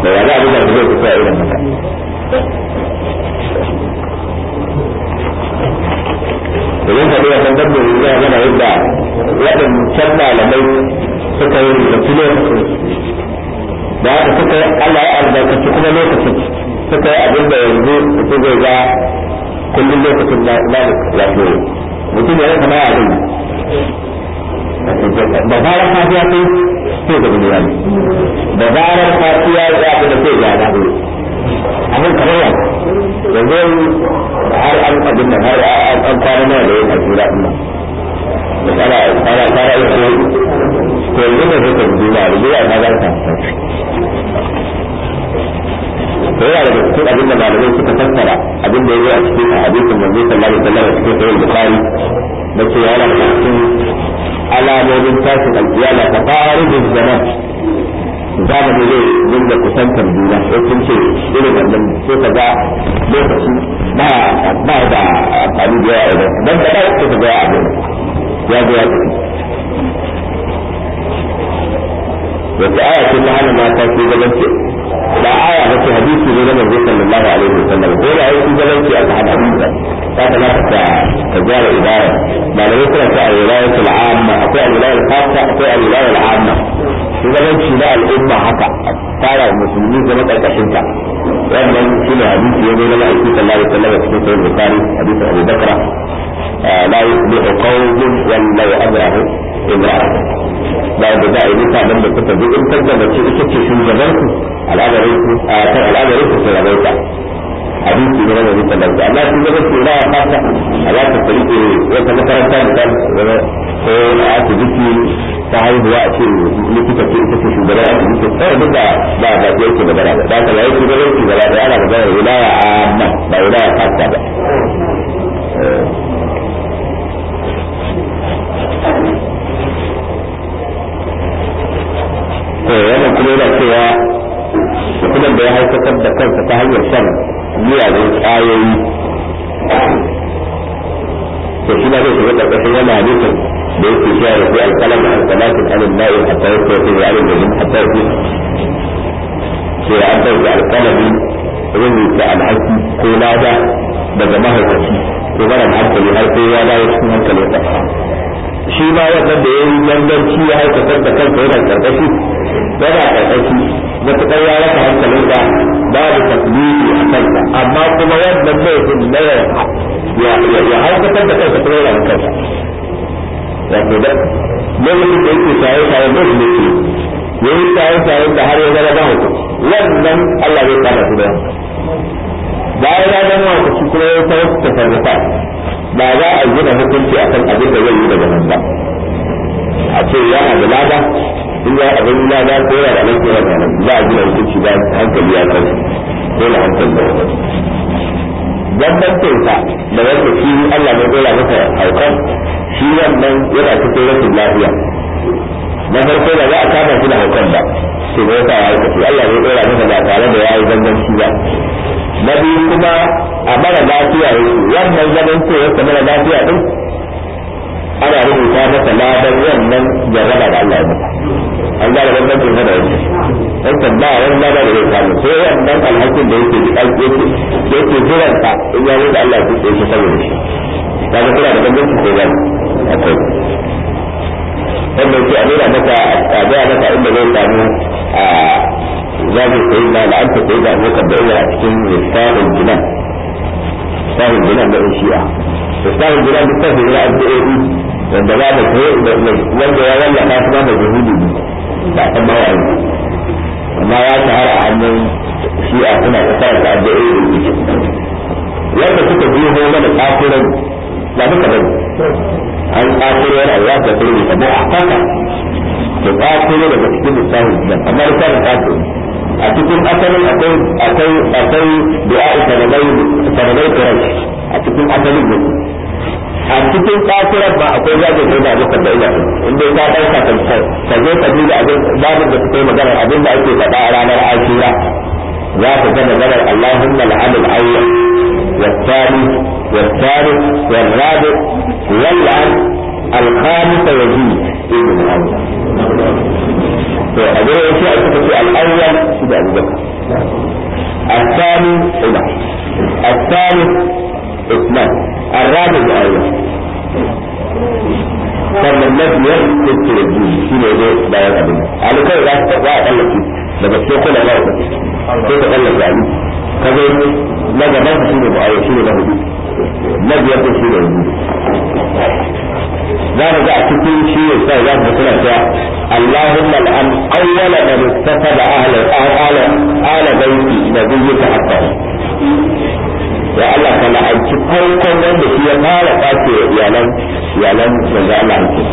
da ya ga abin da zai fito a irin haka domin ka ne wannan dabbar da ya mana yadda waɗancan malamai suka yi da su lokacin da haka suka yi Allah ya albarkaci kuma lokacin suka yi abin da yanzu su zai ga kullum lokacin na malik mutum ya yi kama a rai da zarar kafiya sai sai da biliyani da zarar kafiya ya abin da sai ya abin kamar yau yanzu har an abin da har an da yin ajiyar nan tsara ko yi ne zai kan juna da ta za ta da yawa abin da malamai suka fassara abin da ya zo a cikin hadisin manzo sallallahu alaihi wasallam a cikin sahih bukhari da ke yana da cikin alamomin tashin alkiyama ta faru da zaman zamanin zai dinga kusantar sun ce irin wannan sai ka ga lokaci ba ba da amfani da yawa idan dan da ba ka ga abin ya ga ya wata aya ce ta hana mata ke gabanci ba aya ba ce hadisi ne na manzo sallallahu alaihi wasallam ko da yake gabanci aka hana hadisi ta kamata ta ta gyara ibada malamai suna ta alwilaya al'amma akwai alwilaya al-khassa akwai alwilaya al'amma shugabanci na al'umma haka a fara musulmi zama karkashin ta wannan shi ne hadisi ya zama aiki sallallahu alaihi a cikin sahih bukhari hadisi abu bakra la yusbihu qawmun wallahu abrahu ibrahim ba da za a yi mutanen da suka in da ce ita ce shugaban ku al'adarin a kan al'adarin su rabaita hadisi ne na nabi sallallahu alaihi wasallam amma shugaban ku a fata a za ta tsari eh, wata makaranta da ta ko a asibiti ta haihuwa a ce likita ce ita ce shugaba a cikin ta tsawon duk da ba ba ta yake magana ba ta ba yake magana ce gaba ɗaya ana magana wilaya a nan ba wilaya ta ta ba to wannan kuma yana cewa mutumin da ya haifar da kansa ta hanyar shan miyagun ƙwayoyi to shi ba zai shiga ƙarƙashin yana nufin da yake cewa da sai alƙalam da alƙalatin alin na'in a ya sauke da alin da jin hatta ya sai an ɗauki alƙalamin rubuta alhaki ko lada daga mahaifaci ko bara hankali har sai ya dawo cikin hankali ta shi ma wannan da ya yi ganganci ya haifar da kansa yana karkashi yana karkashi matuƙar ya rasa hankalin da babu tasbihi a kanka amma kuma wannan laifin na ya haifar da kansa kuma yana kansa wato da lokacin da yake saye saye ba shi yake yayi saye saye da har ya zara zama bahu wannan Allah zai kama su da Ba ya zama wata shi kuma ya kawo ta sarrafa ba za a gina hukunci akan abin da zai yi daga nan ba a ce yana da lada in ya abin lada ko yana da nan ko yana da nan za a gina hukunci ba hankali ya kai dole hankali da wani bambancin sa da wanda shi Allah ya dora masa haukan shi wannan yana cikin rashin lafiya na farko da za a kama shi da haukan ba to ba yasa ya Allah ya dora masa ba tare da yayi bambanci ba na biyu kuma a mara lafiya yake wannan zaman ce yasa mara lafiya din ana rubuta masa ladan wannan jarraba da Allah ya an gane bambancin hada wani wancan ba wani lada da zai samu sai wannan alhakin da yake ji alƙi yake jiran ka in ya wuce Allah ya tsaye saboda shi ka ga kira da bambanci ko ba akwai wannan ke a maka a gaya maka inda zai samu a zafi sai da an tafi da abokan da ina cikin misalin jinan misalin jinan da shi'a misalin jinan da tafi da addu'o'i wanda ba da wanda ya wallafa su ba da jihudi da ɗan mawaye amma ya shahara a hannun shi'a suna ta sa ta da irin rikici wanda suka biyo mana tsakuran ba duka bane an tsakuro yana ya ta turbe ta mu'akaka da tsakuro daga cikin lissafin jiyan amma lissafin tsakuro a cikin asalin akwai akwai akwai du'a sanadai sanadai quraish a cikin asalin ne a cikin kafirar ba akwai zagin ko da abokan da ina inda ka ɗauka tamsar ka zo ka duba abin babin da suke magana abin da ake faɗa a ranar asira za ka ga maganar allahumma al'adul awwal والثاني والثالث والرابع والآن الخامس يزيد ابن الله to a gurin yake a suka ce al'awwal shi da abubakar الثاني عمر إطلاق الرابع أيضا sannan na biyar kuskure biyu shi ne zai bayan abin alikai za su za a tsallake daga ce kuna ba ku ko ka tsallake abu ka zo na gaban ka shi ne ba a yau shi ne na hudu na biyar ko shi ne hudu za mu ga a cikin shi ne sai za mu suna cewa اللهم الأن أول من اتصل أهل أهل أهل بيتي نبيك حقه ya Allah ka la'anci farkon wanda shi ya fara kwace wa iyalan iyalan za Allah hakki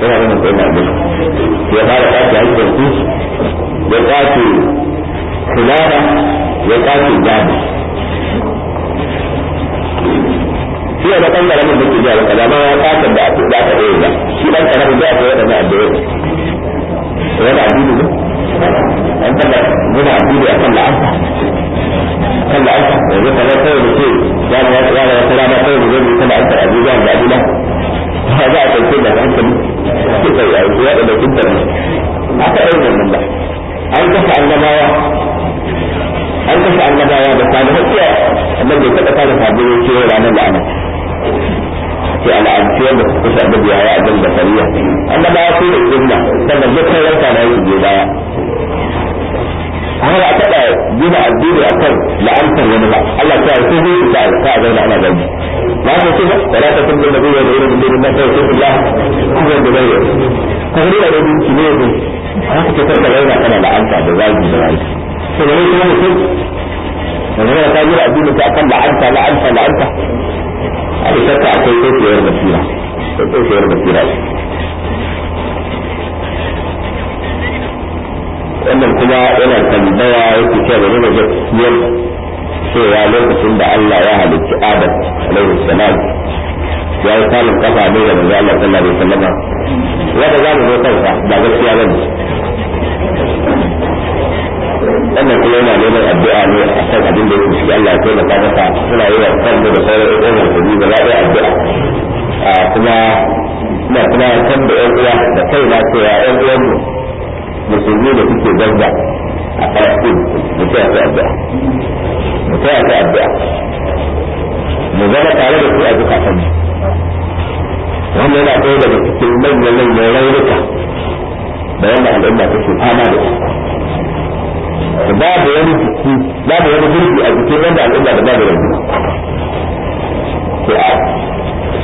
ina ganin ko ina gudu ya fara kwace hakkin su ya kwace kulara ya kwace gadi shi da kan da mun jiya kaza ma ya kwace da aka da aka yi ba shi dan karamin da aka yi da addu'a ne an taba muna addini akan la'anta kan la'anta da zai kamar kawai da ce ya ga wata rana wata rana kawai da zai ta la'antar abuja da abuna ba za a ɗauke da hankali ke kai a yanzu ya da ɗaukin da ne aka ɗauke wannan ba an kasa annabawa an kasa annabawa da salihan iya amma bai taɓa kare sabbin kewa ranar la'anta ke al'adci wanda suka shi annabi ya yi abin da ya fi da sannan dukkan yanka na yi je baya har a taɓa gina addini a kan la'antar wani ba Allah ta yi sun yi ta ta zauna ana gani ba ta ce ba da ta sun da biyu da irin da na sai sun da kuma da bai ko ne da rubin ki ne ne haka ta ta zauna da ta ta kan a da shakka akwai tsohuwar basira akwai tsohuwar basira wannan kuma yana tambaya yake cewa da rage gaskiyar cewa lokacin da Allah ya halicci Adam alaihi salam ya yi samun kafa ne da manzo Allah sallallahu alaihi wasallam wanda za mu zo kansa ba gaskiya bane wannan kuma yana neman addu'a ne a kan abin da yake shi Allah ya taimaka masa suna yi wa kanmu da sauran ɗan uwan da za a yi addu'a kuma ina kuma kan da ƴan uwa da kai na cewa ƴan uwan mu musulmi da suke gaza a Palestine mu taya su addu'a mu taya su addu'a mu zama tare da su a zukatan mu wannan yana ɗaya daga cikin manyan manyan raunuka da wannan al'umma take fama da su babu wani jiki babu wani gurbi a jikin wanda al'umma da babu rabu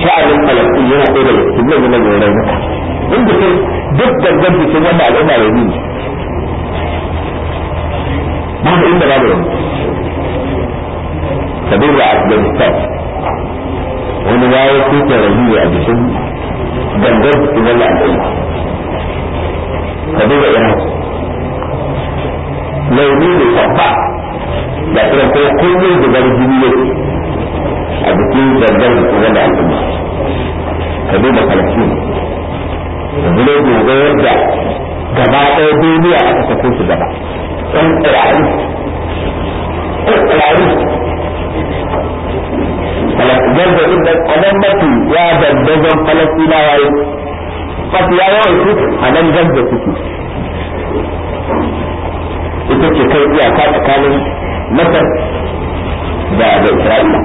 sha'anin falastin yana ɗaya daga cikin manyan manyan raunuka in jikin duk gangan jikin wanda al'umma da yi babu inda babu rabu kabir da afghanistan wani wayo kuka rabu a jikin gangan jikin wanda al'umma kabir da iraq launi ne kwamba da kuma ko kullum zubar jini ne a jikin zargar kuma da al'umma ka da falastin yanzu ne gobe yadda gaba ɗaya duniya aka sako su gaba ɗan ƙirari ɗan ƙirari zarga inda anan mafi ya dandazon falastinawa yi mafi ya yawan su a nan zarga suke ita ce kai ka tsakanin masar da da isra'ila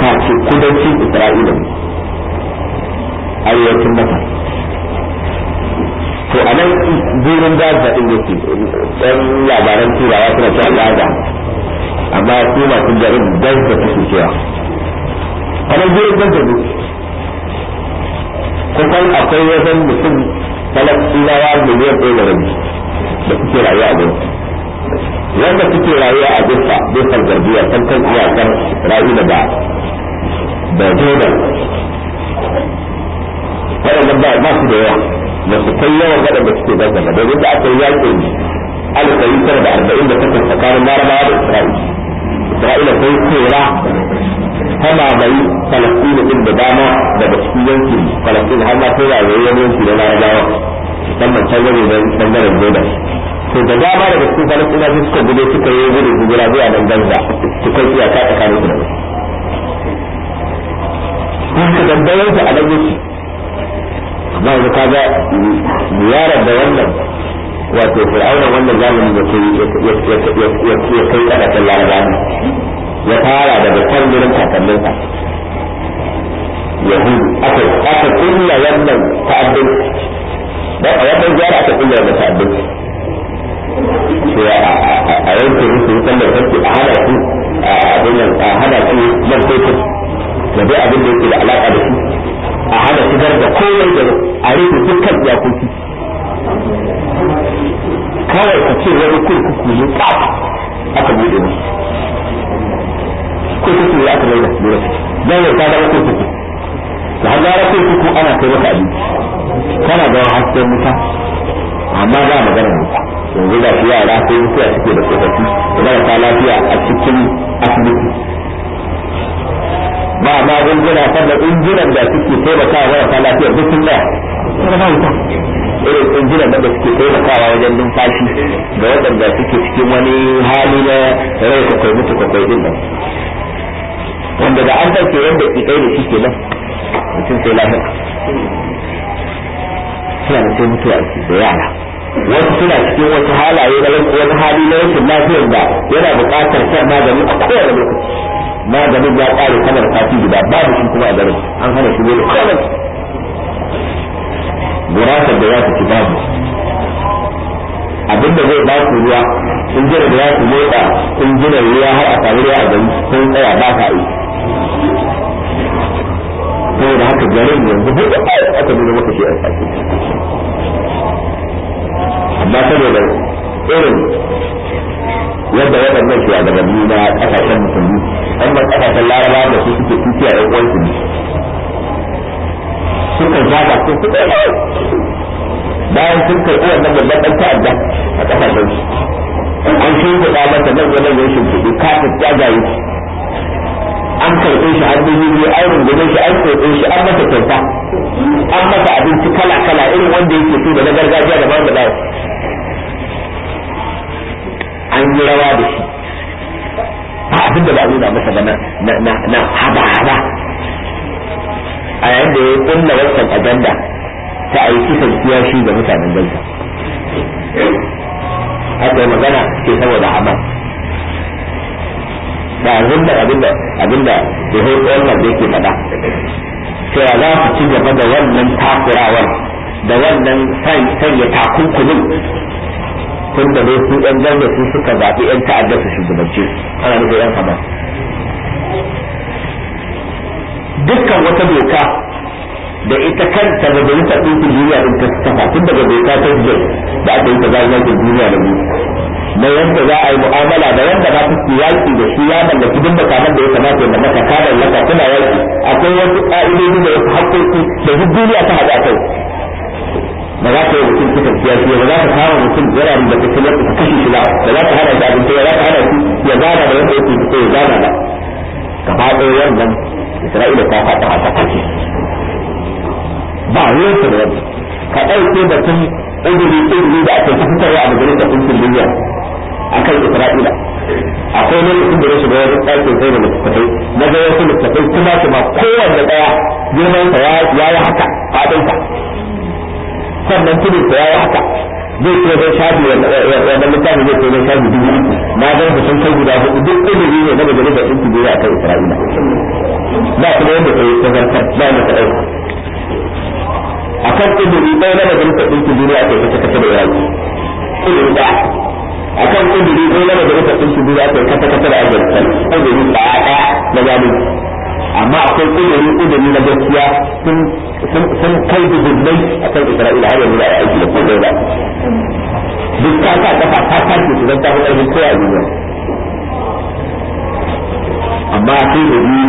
ka ce kudancin isra'ila arewacin masar to a nan burin gaza inda ke ɗan labaran turawa suna cewa gaza amma su masu jarin gaza su cewa a nan burin gaza ne kusan akwai wajen mutum falastinawa miliyan ɗaya da rabi da suke rayuwa a gurin wanda suke rayuwa a gurin gurin garbiya kan kan iyakar rayu da da jordan waɗanda ba ba su da yawa da su kai yawan waɗanda suke gaza da domin da aka yi yaƙin alif ɗari tara da arba'in da takwas tsakanin larabawa da isra'ila isra'ila sai kora tana mai falastinu din da dama daga cikin yankin falastinu har ma sai da yayin yanki da larabawa musamman can gane da bangaren jordan to da dama daga cikin falastina su suka gudu suka yi gudu gudun hijira zuwa nan gaza su kai iyaka tsakanin su da su haka dandaren su a nan yake amma yanzu ka ga ziyarar da wannan wato fir'auna wannan zamani da ke ya kai kasashen larabawa ya fara daga kan gurin kakanninsa yahudu aka aka kulla wannan ta'addin da a wannan jihar aka kulla wannan ta'addin sai a yankin musu sallar sarki a hana su a abin nan a hana su man fetur da bai abin da yake da alaka da su a hana su da komai da a rufe dukkan iyakoki kawai ka ce wani kurkuku ne kaf aka bude musu kurkuku ne aka maida lura dan ya ta zama kurkuku da har gara kurkuku ana kai maka abinci kana gawa hasken muta amma za a magana wuta yanzu da shi yara sai wuta suke da tsofaffi da ta lafiya a cikin asibiti ba magunguna sannan injinan da suke taimakawa ta lafiya duk sun da irin injinan da suke taimakawa wajen numfashi ga waɗanda suke cikin wani hali na rai kwakwai mutu kwakwai din nan wanda da an wanda yadda kai da shi ke nan mutum sai lahir suna da sai mutuwa da yara wasu suna cikin wasu halaye na wani hali na rashin lafiyar da yana buƙatar shan maganin a kowane lokaci maganin ya ƙare kamar sati guda babu shi kuma a garin an hana shi wani da gurasar da ya su ci babu abinda zai ba ku ruwa kun jira da za ku motsa sun jira ruwa har a samu ruwa a gari sun tsaya ba ka yi saboda haka garin yanzu hudu aka nuna maka shi a sake amma saboda irin yadda waɗannan shugabanni na ƙasashen musulmi wannan ƙasashen laraba da su suke tutiya ɗan uwansu ne suka zaga ko suka bayan sun karɓi wannan babban ɗan ta'adda a ƙasashen su an shi da ɗa mata nan wannan ya shimfiɗi kafin jagaye an karɓe shi an dubi biyu an rungume shi an karɓe shi an masa kyauta an masa abinci kala kala irin wanda yake so da na gargajiya da bayan da bayan an yi rawa da shi ba abin da ba nuna masa ba na haba haba a yayin da ya kunna wannan agenda ta a yi kisan ga mutanen gaza haka magana ke saboda hamas da yanzu da abinda abinda da ya wannan da yake faɗa cewa za su ci gaba da wannan takurawar da wannan sanya takunkumin tun da ne su ɗan gaza su suka zaɓi 'yan ta'addar su shugabanci ana nufin 'yan hamas dukkan wata doka da ita kanta ta ɗin duniya din ta kafa tun daga doka ta jiya da aka yi ta zai zaɓen duniya da biyu na yadda za a yi mu'amala da wanda ba su ke yaƙi da shi ya mallaki duk makaman da ya kamata ya mallaka ka mallaka kuna yaƙi akwai wasu ƙa'idodi da wasu haƙƙoƙi da duk duniya ta haɗa kai ba za ka yi mutum ta tafiya shi ba za ka kawo mutum yana da ta kuma ka kashe shi ba ba za ka hana shi abinci ba za ka hana shi ya gana da wanda yake fito ya gana ba ka faɗo isra'ila ta fata a tsakace ba ruwan su da wani ka ɗauke batun ƙuduri ƙuduri da ake fitarwa a majalisar ɗinkin duniya a kan isra'ila akwai wani da ya shiga wani ɗakin sai da littattafai na ga wasu littattafai kuma kuma kowanne ɗaya girmansa ya yi haka faɗinsa sannan ta ya yi haka zai ce zai shafi wannan littafin zai ce zai shafi dubu uku na ga da sun kai guda hudu duk ilimi ne na da ɗinki biyu a kan isra'ila ba su da yadda ta tazartar ba ta ɗauka a kan ilimi ɗaya na majalisar ɗinki biyu a kan ita kasa da iraki ilimi ɗaya a kan ilimi ɗaya na da ɗinki biyu a kan kasa kasa da afghanistan ilimi ɗaya ɗaya na zalunci amma akwai kudiri kudiri na gaskiya sun kai da zubai a kan Isra'ila har yanzu da aiki da kudai ba duk ta sa kafa ta tashi su zanta hukarmin kowa a duniya amma sai da bi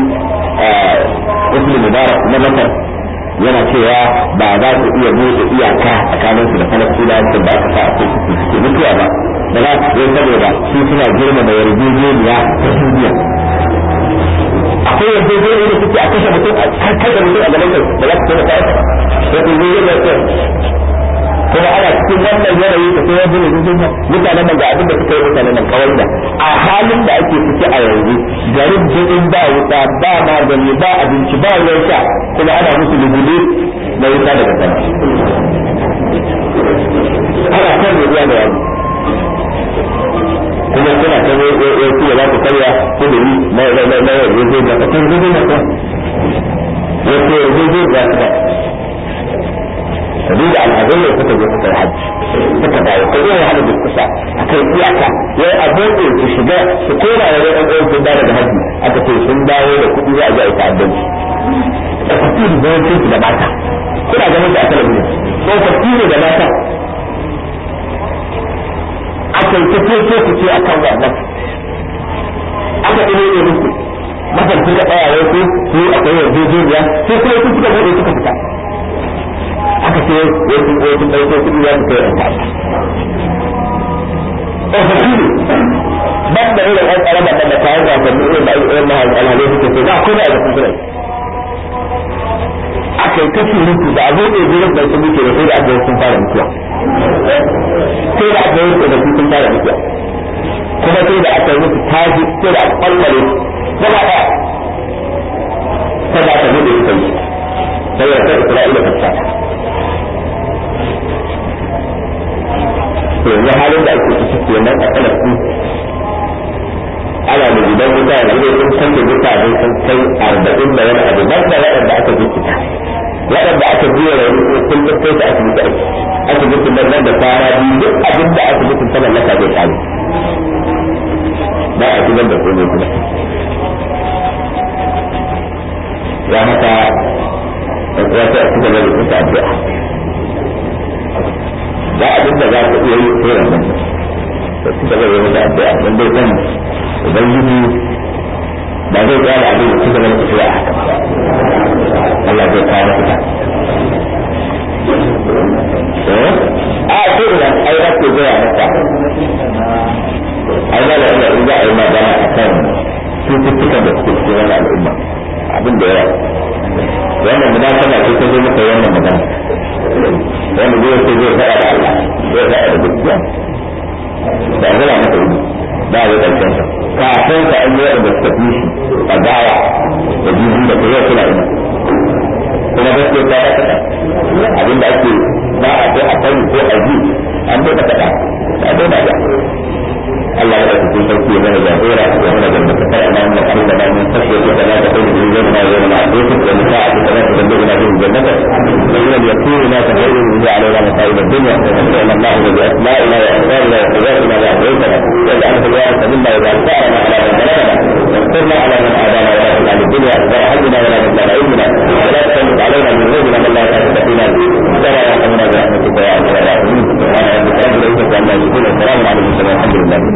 eh, Usman Mubarak na Masar yana cewa ba za su iya bude iyaka a kanin su da Falastina da aka sa a kai su suke mutuwa ba da za su saboda su suna girma da yarjejeniya ta duniya akwai yanzu zai yi kuke a kashe mutum a kashe mutum a gaban kai za ana cikin wannan yanayi da sai yanzu ne mutanen nan ga abin da suka yi mutanen nan kawai da a halin da ake ciki a yanzu garin jirgin ba wuta ba magani ba abinci ba ruwan sha kuma ana musu lugudu na wuta daga ana kan ruwa da yanzu kuma kuna ta wai wai karya ko da ni na na na na wai zai da kan zai na ka wato zai zai da ka sabida al'azai suka zo suka hajji suka dawo ko yau hada da kusa akan iyaka wai abokin su shiga su kora wa yi ɗan sun dawo daga hajji aka ce sun dawo da kuɗi za a je a yi ta'addanci da kuɗi da su da mata kuna ganin su a talabijin ko kuɗi da mata aka yi ta fito ku ce akan wannan aka ɗaya ne muku da ɓayaye ko ko sai kuma su suka suka fita aka ce wasu wasu kuɗi su kai ban da irin da kayan gasanni irin da alhalai ce a kuma a da kuma yi da a da da sai da sun fara mutuwa sai da aka yanke da cikin tara dukiya kuma sai da aka yanke taji sai da aka kwallare gaba ɗaya ta da aka yanke da yi sai da ta isra'ila ta tsaya to yanzu halin da ake ciki ke nan a kalafi ana da gidan wuta yanzu dai sun canza mutane sun kai arba'in da wani abu ban da waɗanda aka jikita waɗanda aka biya rauni ko sun kai su asibiti aiki asibitin nan da fara biyu duk abin da asibitin ta mallaka zai ba a shigar da komai kuma ya mata ya a ci gaba da kusa addu'a ba abin da za ka iya yi sai wannan ta da gaba da mata addu'a dan dai kan ubangiji ba zai kare abin da ci gaba da kusa haka Allah zai kare a ce da ai za ku gaya maka ai da da in za a yi magana a da suke cikin wani al'umma abin da yawa wannan munasaba ce ta zo maka wannan magana wanda zai ce zai fara da Allah zai fara da gaskiya da zira maka yi ba a zai ƙarshen sa ka an yi da suka a gawa da jiji da kuma kuma gaskiya ta ta kaɗa abin da ake ba a so a sani ko a ji an bai ta kaɗa ta bai na da Allah ya ɗauki kun sauki ya mana jagora ya mana jannata ta ina mun karu da mun kashe ku da na da kai da zai na yau na ko ku da musa a cikin da da na cikin jannata sai ya yake na ta da yin da alai na sai da dunya da sai Allah ya da la ilaha illa Allah wa la ilaha illa Allah wa la ilaha illa Allah wa la ilaha illa Allah وانصرنا على من عادانا ولا تجعل الدنيا اكبر همنا ولا مبلغ علمنا ولا تسلط علينا من ذنوبنا من لا تعلم بنا ولا يرحمنا برحمتك يا ارحم الراحمين سبحان ربك رب العزه عما يصفون وسلام على المرسلين والحمد لله